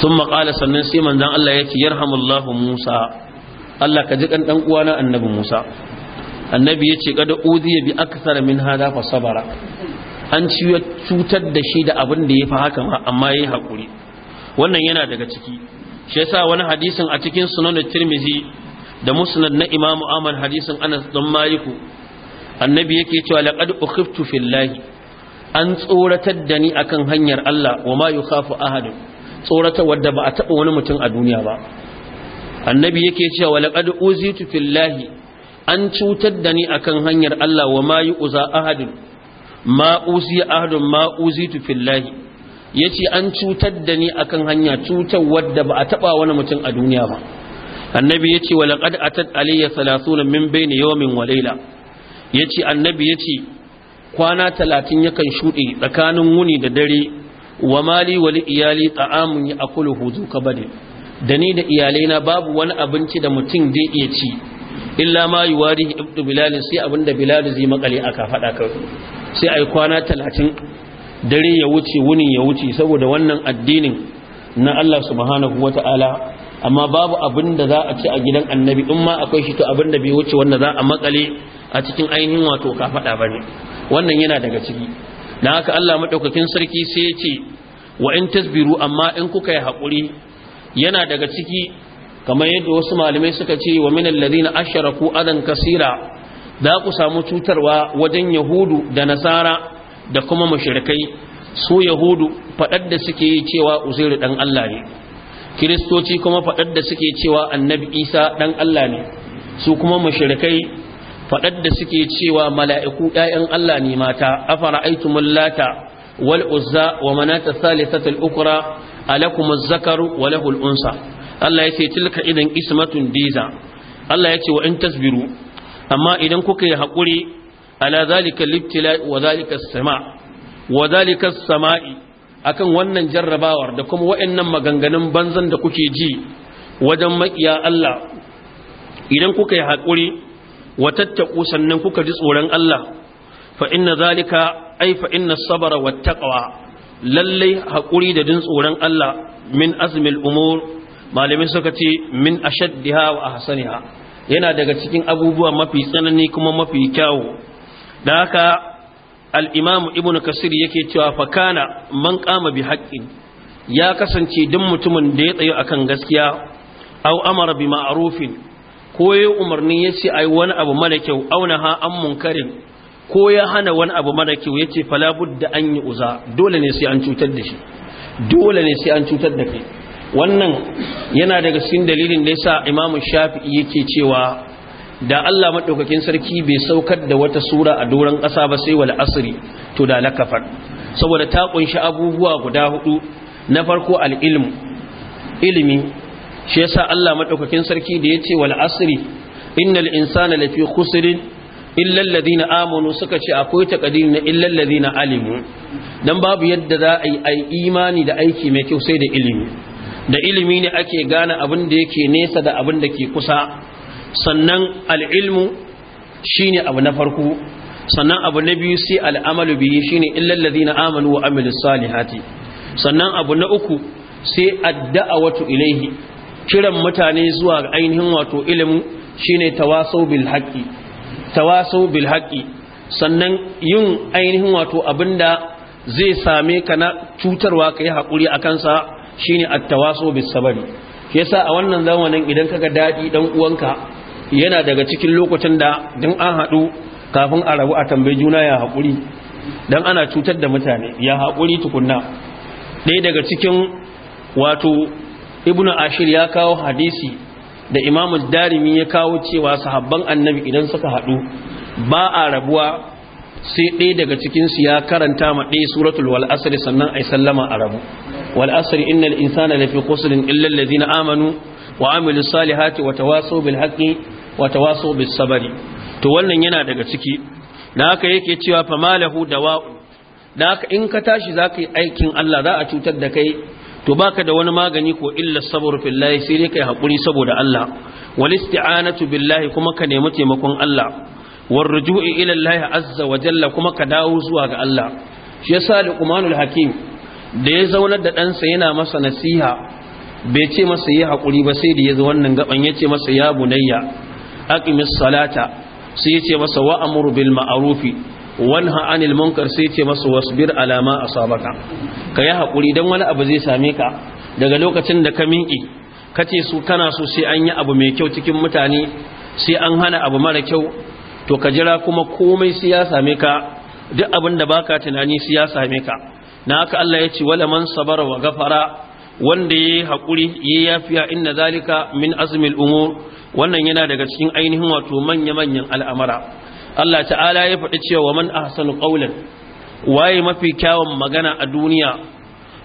sun maƙala sannan sai manzon Allah ya ce yarhamullahu Musa Allah ka ji kan dan uwana annabi Musa annabi ya ce kada uziya bi aksar min hada fa sabara an cutar da shi da abin da ya fi haka ma amma yayi hakuri wannan yana daga ciki shi yasa wani hadisin a cikin sunan tirmizi da musnad na imamu ahmad hadisin anas dan maliku annabi yake cewa laqad ukhiftu fillahi an tsoratar da ni akan hanyar Allah wa ma yukhafu ahadun tsoratar wadda ba a taba wani mutum a duniya ba annabi yake cewa laqad uzitu fillahi an cutar da ni akan hanyar Allah wa ma yuza ahadun ma uzi ahadun ma uzitu fillahi yace an cutar da ni akan hanya cutar wadda ba a taba wani mutum a duniya ba annabi yace wa laqad atat alayya 30 min bayni yawmin wa layla ya ce annabi ya ce kwana talatin yakan shuɗe tsakanin wuni da dare wa mali wali iyali ta'amun ya akulu huzu ka bade da ni da iyalaina babu wani abinci da mutum zai iya ci illa ma yi wari ibdu bilal sai abin da bilal zai makale aka faɗa ka sai ai kwana talatin dare ya wuce wuni ya wuce saboda wannan addinin na Allah subhanahu wata'ala amma babu abin da za a ci a gidan annabi in ma akwai shi to abin da bai wuce wanda za a makale a cikin ainihin wato ka faɗa ba ne wannan yana daga ciki na haka allah maɗaukakin sarki sai ya ce wa in tasbiru amma in kuka yi haƙuri yana daga ciki kamar yadda wasu malamai suka ce wa min alladhina asharaku adan kasira za ku samu cutarwa wajen yahudu da nasara da kuma mushrikai su yahudu faɗar da suke cewa uzairu dan Allah ne kiristoci kuma faɗar da suke cewa annabi isa ɗan Allah ne su kuma mashirikai faɗar da suke cewa mala'iku ‘ya'yan Allah ne mata afara aitumun lata wal uzza wa manata salisatul ukura alakumuz zakaru wa lahul unsa Allah ya ce tilka idan ismatun diza Allah ya ce wa in tasbiru amma idan kuka yi haƙuri ala zalika libtila wa zalika sama wa zalika sama'i akan wannan jarrabawar da kuma wa'annan maganganun banzan da kuke ji wajen makiya Allah idan kuka yi haƙuri wa tattaku sannan kuka ji tsoron Allah fa inna zalika ai fa inna sabara wa taqwa lalle haƙuri da jin tsoron Allah min azmil umur malamin suka ce min ashaddiha wa ahsaniha yana daga cikin abubuwa mafi tsanani kuma mafi kyawu da haka al'imamu ibn kasir yake cewa fakana man kama bi haƙƙin ya kasance duk mutumin da ya tsaye akan gaskiya au amara bi ma'arufin ko ya umarni ya ce ai wani abu mara kyau auna ha an munkarin ko ya hana wani abu mara kyau ya ce falabud da an yi uza dole ne sai an cutar da shi dole ne sai an cutar da kai wannan yana daga cikin dalilin da yasa imamu shafi'i yake cewa da Allah maɗaukakin sarki bai saukar da wata sura a doron ƙasa ba sai wal asri to da na kafar saboda ta ƙunshi abubuwa guda hudu na farko al'ilmu ilimi shi yasa Allah maɗaukakin sarki da ya ce wal asri innal insana lafi khusrin illa alladhina amanu suka ce akwai taqdir na illa na alimu dan babu yadda za a yi imani da aiki mai kyau sai da ilimi da ilimi ne ake gane abin da yake nesa da abin da ke kusa sannan al'ilmu shi ne abu na farko sannan abu na biyu sai al'amalu biyu shi shine illal na amalu wa Sani salihati sannan abu na uku sai wato ilaihi kiran mutane zuwa ainihin wato ilimu shi ne bil tawasau bil haƙi sannan yin ainihin wato abinda zai same ka na cutarwa ka haƙuri hakuri kansa shi ne a tawasau bil sabari yasa a wannan zamanin idan kaga dadi dan uwanka yana daga cikin lokacin da din an haɗu kafin a rabu a tambayi juna ya haƙuri don ana cutar da mutane ya haƙuri tukunna ɗaya daga cikin wato ibn ashir ya kawo hadisi da imamu darimi ya kawo cewa sahabban annabi idan suka haɗu ba a rabuwa sai ɗaya daga cikinsu ya karanta ma ɗaya suratul wal'asari sannan a sallama a rabu wal'asari innal insana lafi kusurin illal ladina amanu wa amilu salihati wa tawaso bil wa tawaso bis sabari to wannan yana daga ciki da haka yake cewa fa malahu da haka in ka tashi zaka yi aikin Allah za a cutar da kai to baka da wani magani ko illa sabr fillahi sai dai kai hakuri saboda Allah wal isti'anatu billahi kuma ka nemi taimakon Allah war ruju'i ila Allah azza wa jalla kuma ka dawo zuwa ga Allah shi yasa Luqmanul Hakim da ya zaunar da ɗansa yana masa nasiha bai ce masa yi hakuri ba sai da ya zo wannan gaban ya ce masa ya bunayya aqimis salata sai yace masa wa amur bil ma'rufi wanha anil munkar sai yace masa wasbir ala ma asabaka yi hakuri dan wani abu zai same ka daga lokacin da ka minki kace su kana so sai an yi abu mai kyau cikin mutane sai an hana abu mara kyau to ka jira kuma komai sai ya same ka duk abin da baka tunani sai ya same ka na haka Allah ya ce wala man sabara wa gafara wanda ya yi haƙuri ya yafiya inna zalika min azumin umur wannan yana daga cikin ainihin wato manya-manyan al'amara Allah ta'ala ya faɗi cewa man ahsanu qawlan waye mafi kyawun magana a duniya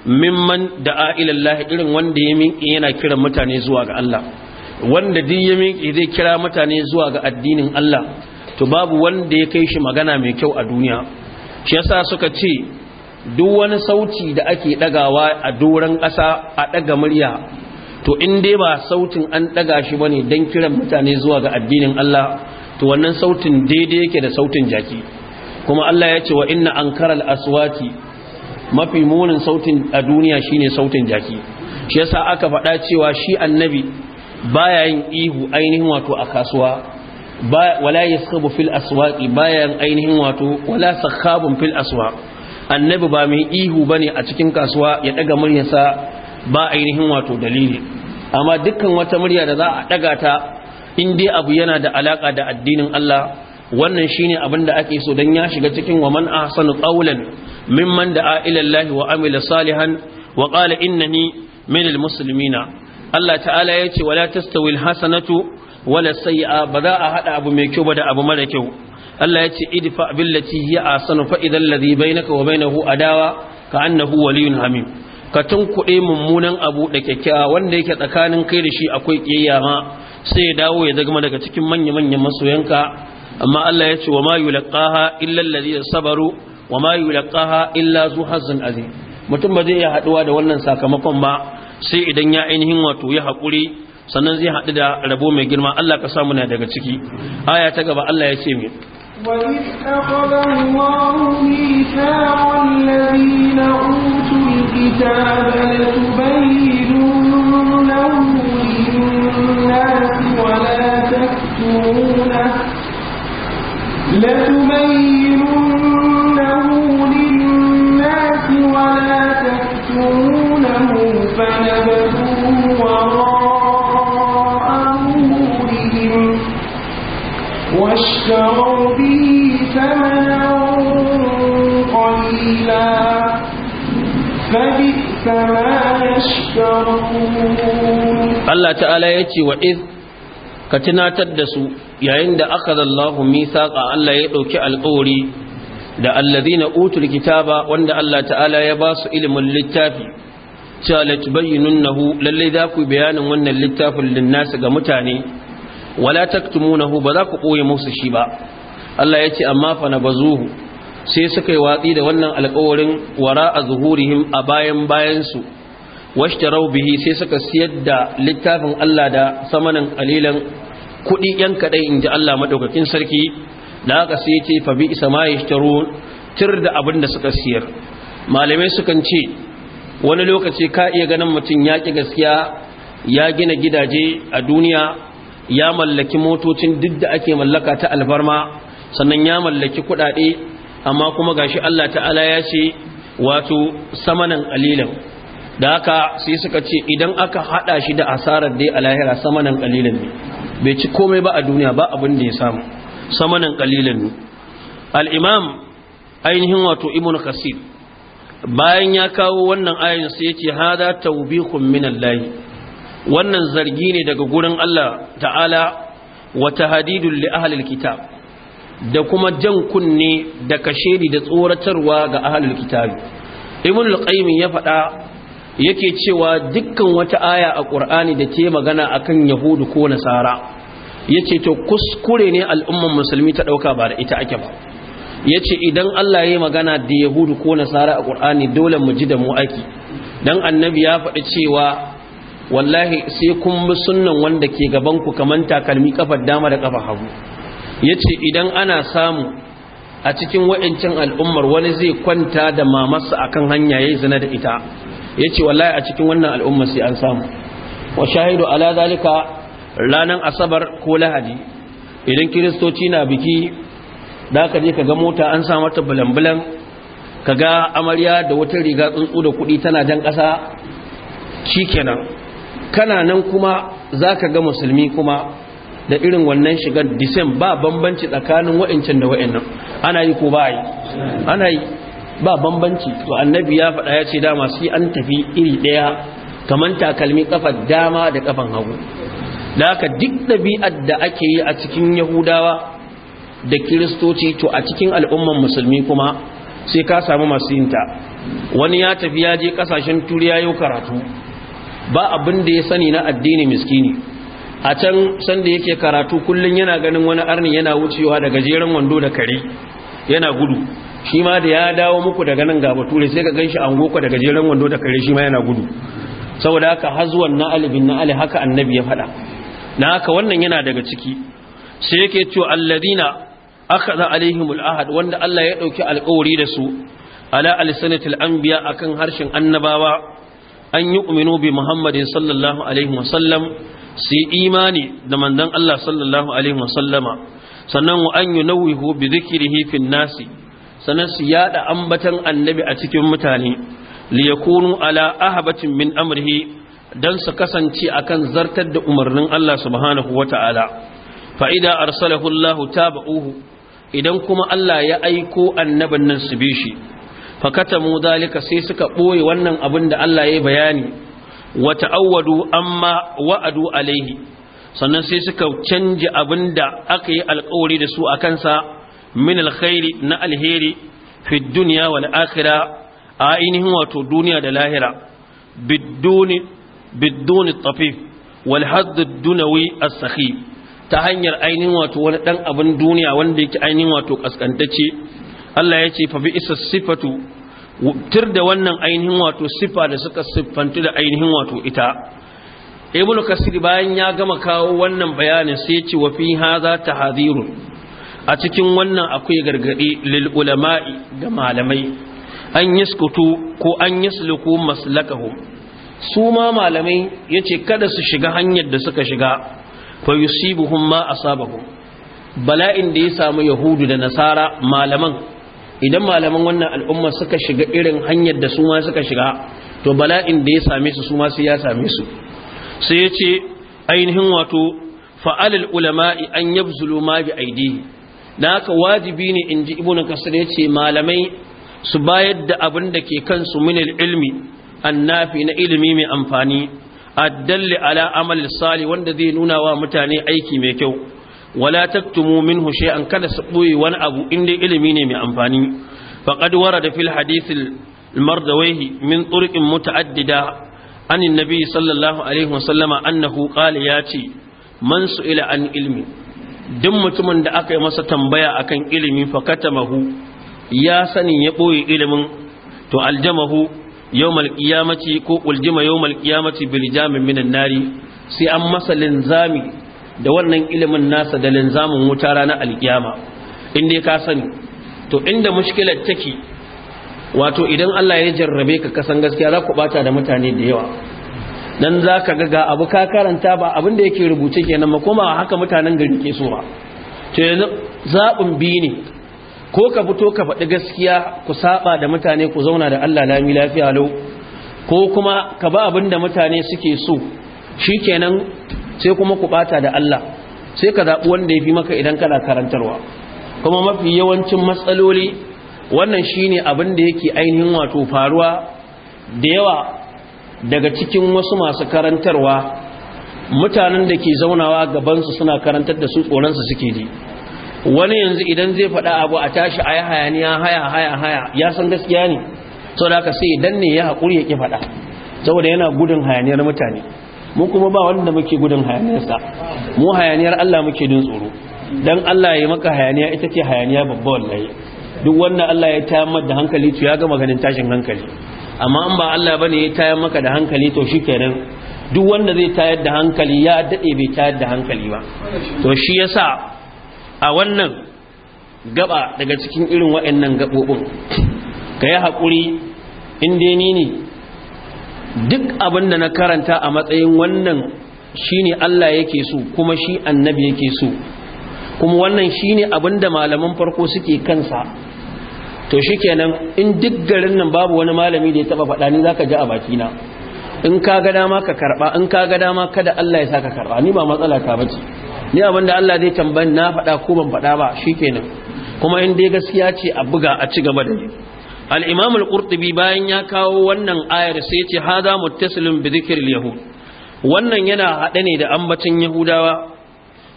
mimman da ailallahi irin wanda ya miƙe yana kiran mutane zuwa ga Allah wanda din ya miƙe zai kira mutane zuwa ga addinin Allah to babu wanda ya kai shi magana mai kyau a duniya shi yasa suka ce duk wani sauti da ake dagawa a doron ƙasa a ɗaga murya to in dai ba sautin an ɗaga shi ba ne don kiran mutane zuwa ga addinin Allah to wannan sautin daidai yake da sautin jaki kuma Allah ya ce wa inna ankaral aswati mafi munin sautin a duniya shine sautin jaki shi yasa aka faɗa cewa shi annabi baya yin ihu ainihin wato a kasuwa wala yaskhabu fil aswaqi baya yin ainihin wato wala sakhabun fil aswaqi annabi ba mai ihu ne a cikin kasuwa ya daga muryarsa ba ainihin wato dalili amma dukkan wata murya da za a daga ta in dai abu yana da alaka da addinin Allah wannan shine abin da ake so dan ya shiga cikin wa man ahsanu qawlan mimman da'a ila Allah wa amila salihan wa qala innani min almuslimina Allah ta'ala yace wala tastawi alhasanatu wala sayyi'a ba za a hada abu mai kyau ba da abu mara kyau Allah ya ce idfa billati hiya asanu fa idhal ladhi bainaka wa bainahu adawa ka annahu waliyun hamim ka tun kuɗe mummunan abu da kyakkyawa wanda yake tsakanin kai da shi akwai kiyama sai ya dawo ya zagama daga cikin manya-manyan masoyanka amma Allah ya ce wa ma yulqaha illa alladhi sabaru wa ma yulqaha illa zu azim mutum ba zai iya haduwa da wannan sakamakon ba sai idan ya ainihin wato ya hakuri sannan zai haɗu da rabo mai girma Allah ka samu na daga ciki aya ta gaba Allah ya ce mai وإذ أخذ الله ميثاق الذين أوتوا الكتاب لتبينونه للناس ولا تكتمونه لتبينونه للناس ولا تكتمونه فنبذوه وراء ظهورهم واشتروا Allah ta'ala ya ce wa iz ka tunatar da su yayin da aka zallahu misaƙa Allah ya ɗauki alƙawari da allazina utul kitaba wanda Allah ta'ala ya ba su ilimin littafi cewa la tubayyinunahu lallai za ku bayanin wannan littafin linnasu ga mutane wala taktumunahu ba za ku ɓoye musu shi ba Allah ya ce amma fa na bazuhu sai suka yi watsi da wannan alƙawarin wara a zuhurihim a bayan bayansu washtarau bihi sai suka siyar da littafin Allah da samanin alilan kuɗi yan kaɗai in ji Allah maɗaukakin sarki da aka sai ce fa bi isa yashtaru tir da abin da suka siyar malamai sukan ce wani lokaci ka iya ganin mutum ya ƙi gaskiya ya gina gidaje a duniya ya mallaki motocin duk da ake mallaka ta alfarma sannan ya mallaki kuɗaɗe amma kuma gashi Allah ta'ala ya ce wato samanan qalilan da haka sai suka ce idan aka hada shi da asarar dai a lahira samanan qalilan ne bai ci komai ba a duniya ba abin da ya samu samanan qalilan ne al-imam ainihin wato ibnu kasir bayan ya kawo wannan ayin sai ce hada tawbihun minallahi wannan zargi ne daga gurin Allah ta'ala wa tahdidul li ahlil kitab da kuma jan kunne da kashedi da tsoratarwa ga ahalul kitabi ibn al-qayyim ya faɗa yake cewa dukkan wata aya a qur'ani da ke magana akan yahudu ko nasara yace to kuskure ne al'umman musulmi ta dauka ba da ita ake ba yace idan Allah ya magana da yahudu ko nasara a qur'ani dole mu ji da mu aiki dan annabi ya faɗi cewa wallahi sai kun bi sunnan wanda ke gaban ku kamar takalmi kafar dama da kafar hagu ya ce idan ana samu a cikin wa'incin al'ummar wani zai kwanta da mamarsa a kan hanya ya yi zina da ita ya ce wallahi a cikin wannan al'ummar sai an samu wa shahidu ala zalika ranar asabar ko lahadi idan kiristoci na biki da ka je ka ga mota an sa mata bulan-bulan ka ga amarya da wata riga tsuntsu da kuɗi tana jan ƙasa shi kenan kana nan kuma za ka ga musulmi kuma da irin wannan shigar disem ba bambanci tsakanin wa'incin da wa'annan ana yi ko ba yi ana yi ba bambanci to annabi ya faɗa ya ce dama yi an tafi iri ɗaya kamar takalmi kafar dama da kafan hagu da haka duk ɗabi'ar da ake yi a cikin yahudawa da kiristoci to a cikin al'umman musulmi kuma sai ka samu masu yinta wani ya tafi ya je ƙasashen turiya yau karatu ba abin da ya sani na addini miskini a can sanda yake karatu kullum yana ganin wani arni yana wucewa da gajeren wando da kare yana gudu shi ma da ya dawo muku daga nan ga bature sai ka gan shi an goko da gajeren wando da kare shi ma yana gudu saboda haka hazuwan na alibin na ali haka annabi ya faɗa na haka wannan yana daga ciki sai yake cewa alladina akhadha alaihimul ahad wanda Allah ya dauki alƙawari da su ala alsanatil anbiya akan harshen annabawa an yu'minu bi muhammadin sallallahu alaihi wasallam su yi imani da mandan Allah sallallahu alaihi wasallama sannan wa an yunawwihu bi dhikrihi fin nasi sannan su yada ambatan annabi a cikin mutane li ala ahabatin min amrihi dan su kasance akan zartar da umarnin Allah subhanahu wata'ala fa idza arsalahu Allah taba'uhu idan kuma Allah ya aiko annabin nan su bi shi fa katamu dalika sai suka boye wannan abin da Allah ya bayani wa ta'awwadu amma wa'adu alaihi sannan sai suka canja abinda aka yi alƙawari da su a kansa min alkhairi na alheri fi duniya wal akhira a ainihin wato duniya da lahira biduni biduni tafif wal hadd dunawi as-sakhi ta hanyar ainihin wato wani dan abin duniya wanda yake ainihin wato kaskantacce Allah ya ce fa bi isa sifatu tur da wannan ainihin wato siffa da suka siffantu da ainihin wato ita ibnu kasir bayan ya gama kawo wannan bayanin sai ya ce wa fi hadha tahadhirun a cikin wannan akwai gargadi lil ulama'i ga malamai an yaskutu ko an yasluku maslakahum su ma malamai yace kada su shiga hanyar da suka shiga fa yusibuhum ma asabahum bala'in da ya samu yahudu da nasara malaman idan malaman wannan al'umma suka shiga irin hanyar da su ma suka shiga to bala'in da ya same su su ma sai ya same su sai ya ce ainihin wato fa'alil ulama'i an yabzulu ma bi aidi da haka wajibi ne in ji ibnu kasir ya ce malamai su bayar da abin da ke kansu min ilmi annafi na ilimi mai amfani addalli ala amal sali wanda zai nuna wa mutane aiki mai kyau wala taktumu minhu shay'an kada su ɓoye wani abu inda ilimi ne mai amfani faqad warada fil hadith al mardawayhi min turuqin mutaaddida an annabi sallallahu alaihi wasallama annahu qala yace man su'ila an ilmi duk mutumin da aka masa tambaya akan ilimi fakatamahu ya sani ya boye ilimin to aljamahu yawmal qiyamati ko uljima yawmal qiyamati bil jamin minan nari sai an masa linzami da wannan ilimin nasa da linzamin wuta ranar alkiyama inda ka sani to inda mushkilar take wato idan Allah ya jarrabe ka kasan gaskiya za ku bata da mutane da yawa dan za ka ga abu ka karanta ba abin da yake rubuce kenan ma kuma haka mutanen gari ke so ba to yanzu zaɓin biyu ne ko ka fito ka faɗi gaskiya ku saba da mutane ku zauna da Allah lami lafiya lau ko kuma ka ba abin da mutane suke so shikenan sai kuma ku bata da Allah sai ka zaɓi wanda ya fi maka idan kana karantarwa kuma mafi yawancin matsaloli wannan shine abin da yake ainihin wato faruwa da yawa daga cikin wasu masu karantarwa mutanen da ke zaunawa gabansu suna karantar da su tsoronsu suke ji wani yanzu idan zai faɗa abu a tashi a hayaniya haya haya haya ya san gaskiya ne sau da sai idan ne ya haƙuri ya ƙi faɗa saboda yana gudun hayaniyar mutane mu kuma ba wanda muke gudun hayaniyarsa mu hayaniyar Allah muke jin tsoro dan Allah ya yi maka hayaniya ita ce hayaniya babba wallahi duk wanda Allah ya tayar da hankali to ya ga maganin tashin hankali amma an ba Allah bane ya tayar maka da hankali to shikenan duk wanda zai tayar da hankali ya dade bai tayar da hankali ba to shi yasa a wannan gaba daga cikin irin waɗannan gabobin ka yi haƙuri in ni ne duk abinda na karanta a matsayin wannan shine Allah yake so kuma shi annabi yake so kuma wannan shine abin da malaman farko suke kansa to shikenan in duk garin nan babu wani malami da ya taba faɗa ni zaka ji a baki na in ka ga dama ka karba in ka ga dama kada Allah ya saka karba ni ba matsala ta bace ni abin da Allah zai tambayi na faɗa ko ban faɗa ba shikenan kuma in dai gaskiya ce a buga a ci gaba da ni al-imam al bayan ya kawo wannan ayar sai ya ce hada muttasilun bi dhikril yahud wannan yana hade ne da ambacin yahudawa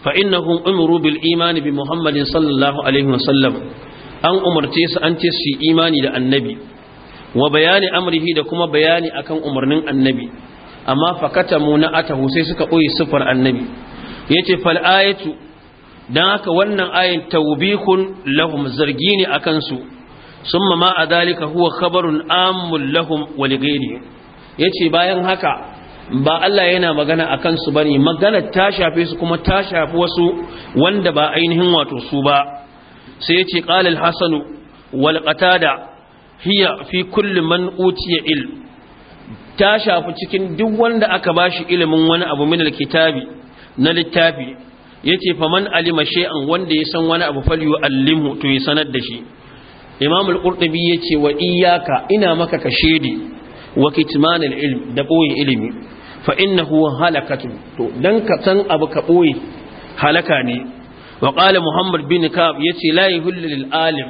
fa innahum umru bil iman bi muhammadin sallallahu alaihi wasallam an umarce su an ce su imani da annabi wa bayani amrihi da kuma bayani akan umarnin annabi amma fakata mu na atahu sai suka ɓoye sifar annabi ya ce fal'ayatu don haka wannan ayin taubikun lahum zargi ne a kansu summa ma a dalika huwa khabarun amul lahum wa lighairihim yace bayan haka ba Allah yana magana akan su bane magana ta shafe su kuma ta shafi wasu wanda ba ainihin wato su ba sai yace qala al-hasan wal qatada hiya fi kulli man utiya il ta shafi cikin duk wanda aka bashi ilimin wani abu min kitabi na littafi yace faman alima shay'an wanda ya san wani abu falyu allimhu to ya sanar da shi imam al-qurtubi yace wa iyyaka ina maka kashedi shedi wa kitman al-ilm da boye ilimi fa innahu halakatun to dan ka san abu ka boye halaka ne wa qala muhammad bin kab yace la yahullu lil alim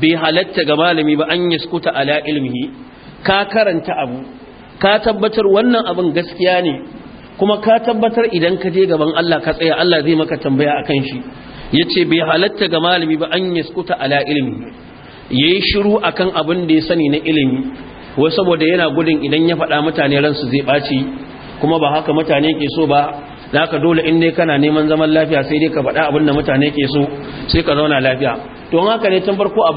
bi halatta ga malami ba an yaskuta ala ilmihi ka karanta abu ka tabbatar wannan abin gaskiya ne kuma ka tabbatar idan ka je gaban Allah ka tsaya Allah zai maka tambaya akan shi yace bai halatta ga malami ba an yaskuta ala ilmi ya yi shiru a kan abin da ya sani na ilimi wai saboda yana gudun idan ya faɗa mutane ransu zai ɓaci kuma ba haka mutane ke so ba da ka dole in dai kana neman zaman lafiya sai dai ka faɗa abin da mutane ke so sai ka zauna lafiya to in haka ne tun farko a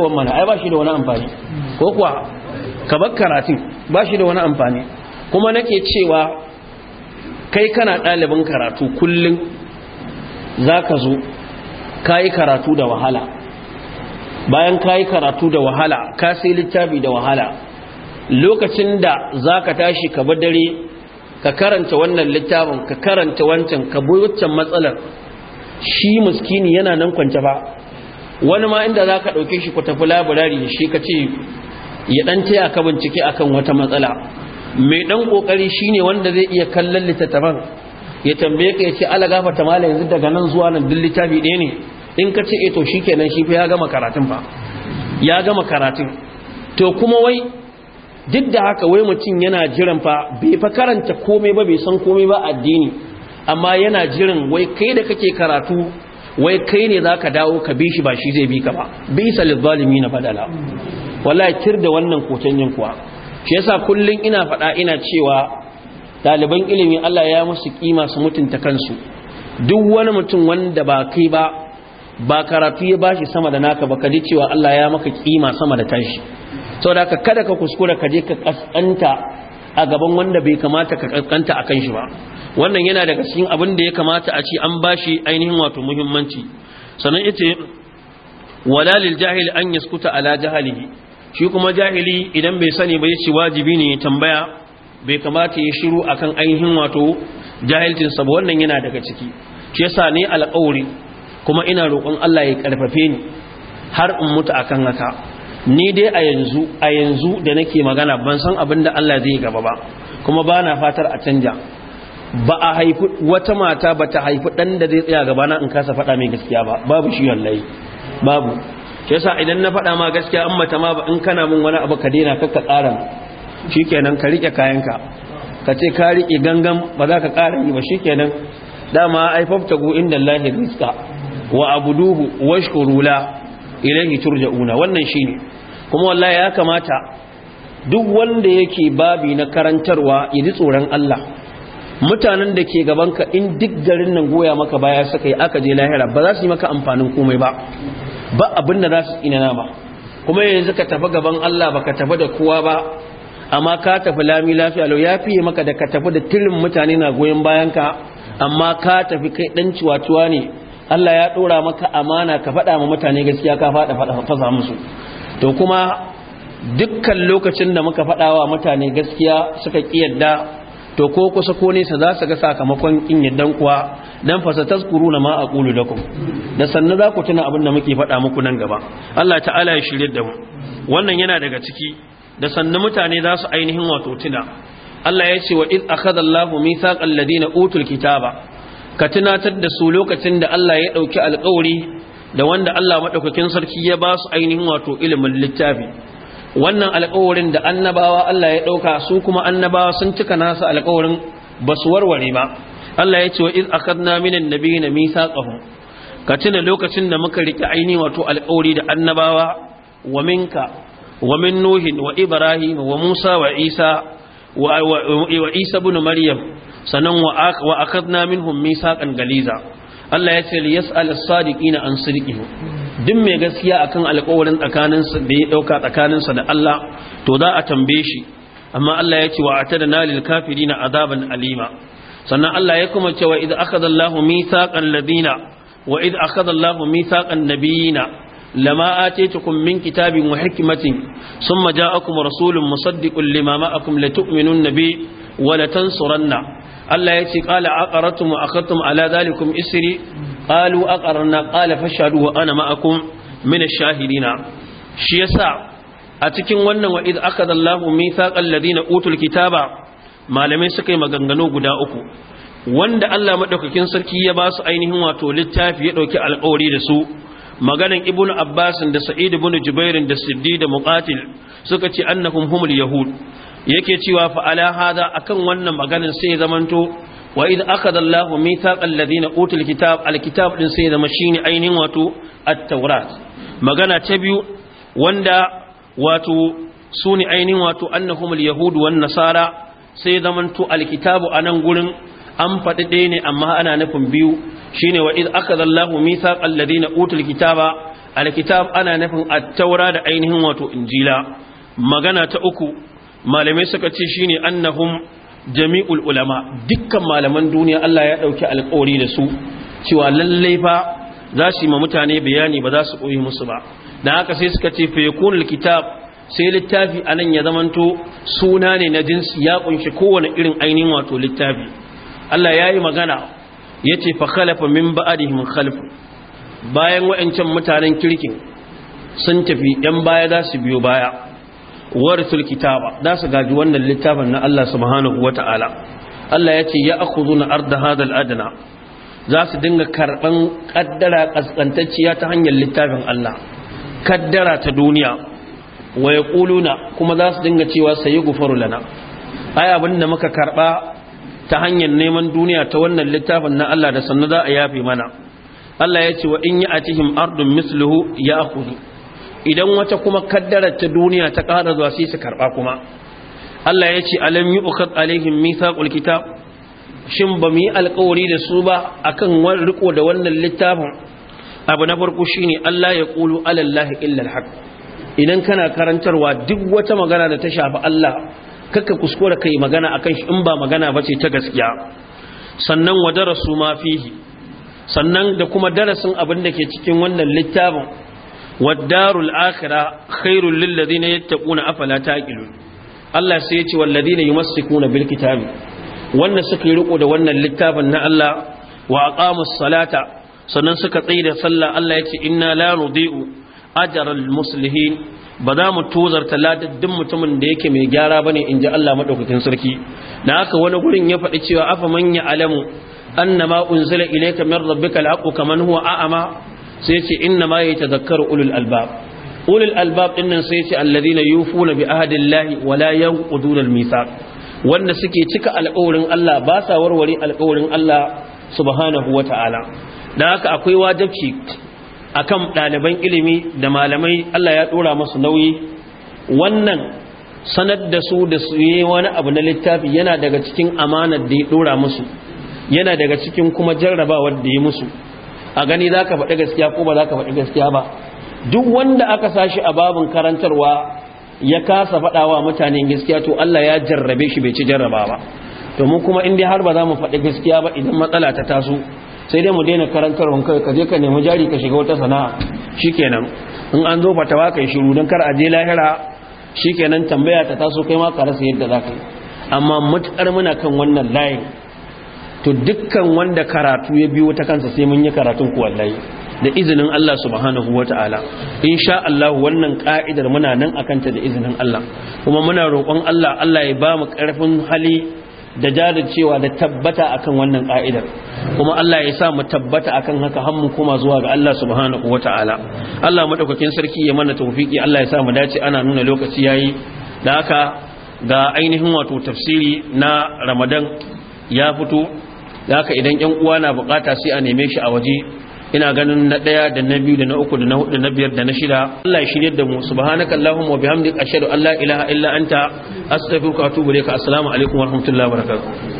wa mana ai ba shi da wani amfani ko kuwa ka bakkaratin ba shi da wani amfani kuma nake cewa kai kana ɗalibin karatu kullum za ka zo ka yi karatu da wahala bayan ka yi karatu da wahala ka sai littafi da wahala lokacin da za ka tashi ka bar dare ka karanta wannan littafin ka karanta wancan ka bi waccan matsalar shi muskini yana nan kwance ba wani ma inda za ka ɗauke shi ku tafi labirari shi ka ce ya ɗan taya ka bincike akan wata matsala mai ɗan ƙoƙari shi ne wanda zai iya kallon littattafan ya tambaye ka ya ce ala gafata mala yanzu daga nan zuwa nan duk littafi ɗaya ne in ka ce eto eh, shi kenan shi fi ya gama karatun fa ya gama karatun to kuma wai duk da haka wai mutum yana jiran fa bai fa karanta komai ba bai san komai ba addini amma yana jiran wai kai da kake karatu wai kai ne za ka dawo ka bi shi ba shi zai bi ka ba bi salizalimi na badala wallahi tir da wannan koton yin kuwa shi yasa kullum ina fada ina cewa ɗaliban ilimi Allah ya musu kima su mutunta kansu duk wani mutum wanda ba kai ba ba karatu ya bashi sama da naka ba kaji cewa Allah ya maka kima sama da tashi da ka kada ka kuskura ka je ka kaskanta a gaban wanda bai kamata ka kaskanta akan shi ba wannan yana daga cikin abin da ya kamata a ce an bashi ainihin wato muhimmanci sannan yace wala lil jahil an yaskuta ala jahalihi shi kuma jahili idan bai sani ba yace wajibi ne tambaya bai kamata ya shiru akan ainihin wato jahilcin sa ba wannan yana daga ciki shi yasa ne alƙawari kuma ina roƙon Allah ya karfafe ni har in mutu akan haka ni dai a yanzu a yanzu da nake magana ban san abin da Allah zai gaba ba kuma ba na fatar a canja ba a haifi wata mata ba ta haifi ɗan da zai tsaya gabana in kasa faɗa mai gaskiya ba babu shi wallahi babu Ke sa idan na faɗa ma gaskiya amma mata ma ba in kana min wani abu ka daina kakka ƙara shikenan ka rike kayanka ka ce ka rike gangan ba za ka ƙara yi ba shikenan dama ai faftagu inda Allah rizqa wa abuduhu washkuru la ilayhi turja'una wannan shine kuma wallahi ya kamata duk wanda yake babi na karantarwa ya ji tsoron Allah mutanen da ke gaban ka in duk garin nan goya maka baya suka yi aka je lahira ba za su yi maka amfanin komai ba ba abin da za su inana ba kuma yanzu ka tafi gaban Allah ba ka tafi da kowa ba amma ka tafi lami lafiya lau ya fiye maka da ka tafi da tilin mutane na goyon bayan ka amma ka tafi kai dan ciwatuwa ne Allah ya dora maka amana ka faɗa ma mutane gaskiya ka faɗa faɗa musu to kuma dukkan lokacin da muka faɗa wa mutane gaskiya suka kiyarda to ko kusa ko nesa za su ga sakamakon in yaddan kuwa dan fasa tazkuru na ma aqulu lakum da sannan za ku tuna abin da muke faɗa muku nan gaba Allah ta'ala ya shirya da mu wannan yana daga ciki da sannan mutane za su ainihin wato tuna Allah ya ce wa id akhadha Allahu mithaqa alladhina utul kitaba ka tunatar da su lokacin da Allah ya ɗauki alƙawari da wanda Allah maɗaukakin sarki ya ba su ainihin wato ilimin littafi wannan alƙawarin da annabawa Allah ya ɗauka su kuma annabawa sun cika nasa alƙawarin ba su warware ba Allah ya ce wa iz akhadna minan nabiyina mithaqahum ka tuna lokacin da muka rike ainihin wato alƙawari da annabawa wa minka wa min nuhin wa ibrahim wa musa wa isa wa isa bunu maryam sannan wa akhadna minhum mithaqan galiza Allah ya ce li yas'al as-sadiqina an duk mai gaskiya akan alƙawarin tsakanin da ya dauka tsakanin sa da Allah to za a tambaye shi amma Allah ya ce wa atadna lil kafirina azaban alima sannan Allah ya kuma cewa idza akhadha Allahu mithaqan ladina wa idza akhadha Allahu mithaqan nabiyina لما آتيتكم من كتاب وحكمة ثم جاءكم رسول مصدق لما معكم لتؤمنن به ولتنصرن الله يتي قال أقرتم وأخذتم على ذلكم إسري قالوا أقرنا قال فاشهدوا وأنا معكم من الشاهدين شيسا أتكن ونن وإذ أخذ الله ميثاق الذين أوتوا الكتاب ما لم يسكي مغنغنو قداؤكم wanda Allah madaukakin sarki ya ba su ainihin wato littafi ya dauki alƙawari da su maganan ibnu abbas da sa'id ibn jubair da siddi da muqatil suka ce annahum humul yahud yake cewa fa ala hada akan wannan maganan sai zamanto wa idh akhadha Allahu mithaqal ladina utul kitab alkitab din sai zama shine ainihin wato at-taurat magana ta biyu wanda wato sune ainihin wato annahumul yahud wan nasara sai zamanto alkitabu anan gurin an faɗi ɗaya ne amma ana nufin biyu shine wa aka akhadha Allahu mithaqal na utul kitaba alkitab ana nufin at-taura da ainihin wato injila magana ta uku malamai suka ce shine annahum jami'ul ulama dukkan malaman duniya Allah ya dauki alƙawari da su cewa lallai fa za su yi ma mutane bayani ba za su koyi musu ba dan haka sai suka ce fa yakunul kitab sai littafi a nan ya zamanto suna ne na jinsi ya kunshi kowane irin ainihin wato littafi Allah ya yi magana ya ce fa khalafa min ba'adihim khalfu bayan wa'ancan mutanen kirkin sun tafi yan baya za su biyo baya warisul kitaba za su gaji wannan littafin na Allah subhanahu wata'ala Allah ya ce ya akhuduna arda hadha al-adna za su dinga karban kaddara kaskantacciya ta hanyar littafin Allah kaddara ta duniya wa yaquluna kuma za su dinga cewa sayi gufaru lana ai abin da muka karba ta hanyar neman duniya ta wannan littafin na Allah da sannu za a yafe mana Allah ya ce wa in ya'tihim ardun misluhu ya'khudhu idan wata kuma kaddarar ta duniya ta ƙara zuwa sai su karba kuma Allah ya ce alam yu'khad alaihim mithaqul kitab shin ba mu yi alƙawari da su ba akan riko da wannan littafin abu na farko shine Allah ya kulu alallahi llahi illa alhaq idan kana karantarwa duk wata magana da ta shafi Allah kakka kuskura kai magana akan shi in ba magana bace ta gaskiya sannan wa darasu ma fihi sannan da kuma darasin abin da ke cikin wannan littafin waddarul akhirah khairul lil ladina yattaquna afala taqilun Allah sai ya ce wal ladina yumassikuna bil kitabi wanda suka yi riko da wannan littafin na Allah wa aqamus salata sannan suka tsaya da sallah Allah ya ce inna la nudi'u ajral muslimin ba za mu tozarta ladadin mutumin da yake mai gyara ba ne in ji Allah maɗaukakin sarki na haka wani gurin ya faɗi cewa afa manya alamu annama unzila Ilaika, min rabbikal haqqu kaman huwa a'ama sai ce innama yatadhakkaru ulul albab ulul albab din nan sai ce alladhina yufuna bi ahdillahi wa la yanquduna almithaq wanda suke cika alƙawarin Allah ba sa warware alƙawarin Allah subhanahu wata'ala dan haka akwai wajibci akan ɗaliban ilimi da malamai Allah ya ɗora masu nauyi wannan sanar da su da su yi wani abu na littafi yana daga cikin amanar da ya ɗora musu yana daga cikin kuma jarrabawar da ya musu a gani za ka faɗi gaskiya ko ba za ka faɗi gaskiya ba duk wanda aka sashi a babin karantarwa ya kasa faɗawa mutanen gaskiya to Allah ya jarrabe shi bai ci jarraba ba to mu kuma in har ba za mu faɗi gaskiya ba idan matsala ta taso sai dai mu daina karantar kai ka je ka nemi jari ka shiga wata sana'a shikenan in an zo fatawa kai shiru dan kar a je lahira shikenan tambaya ta taso kai ma ka rasa yadda za ka yi amma mutar muna kan wannan layin to dukkan wanda karatu ya biyo ta kansa sai mun yi karatun ku wallahi da izinin Allah subhanahu wata'ala insha Allah wannan ka'idar muna nan akanta da izinin Allah kuma muna roƙon Allah Allah ya ba mu ƙarfin hali da cewa da tabbata akan wannan ka'idar kuma Allah ya sa mu tabbata akan haka har mu koma zuwa ga Allah subhanahu wataala Allah madaukakin sarki ya mana tawfiki Allah ya sa mu dace ana nuna lokaci yayi da haka ga ainihin wato tafsiri na Ramadan ya fito da haka idan ƴan uwa na bukata sai a neme shi a waje ina ganin na ɗaya da na biyu da na uku da na hudu da na biyar da na shida Allah ya shirye da mu subhanaka allahumma wa bihamdika ashhadu an la ilaha illa anta astaghfiruka wa atubu ilayka assalamu alaikum wa rahmatullahi wa barakatuh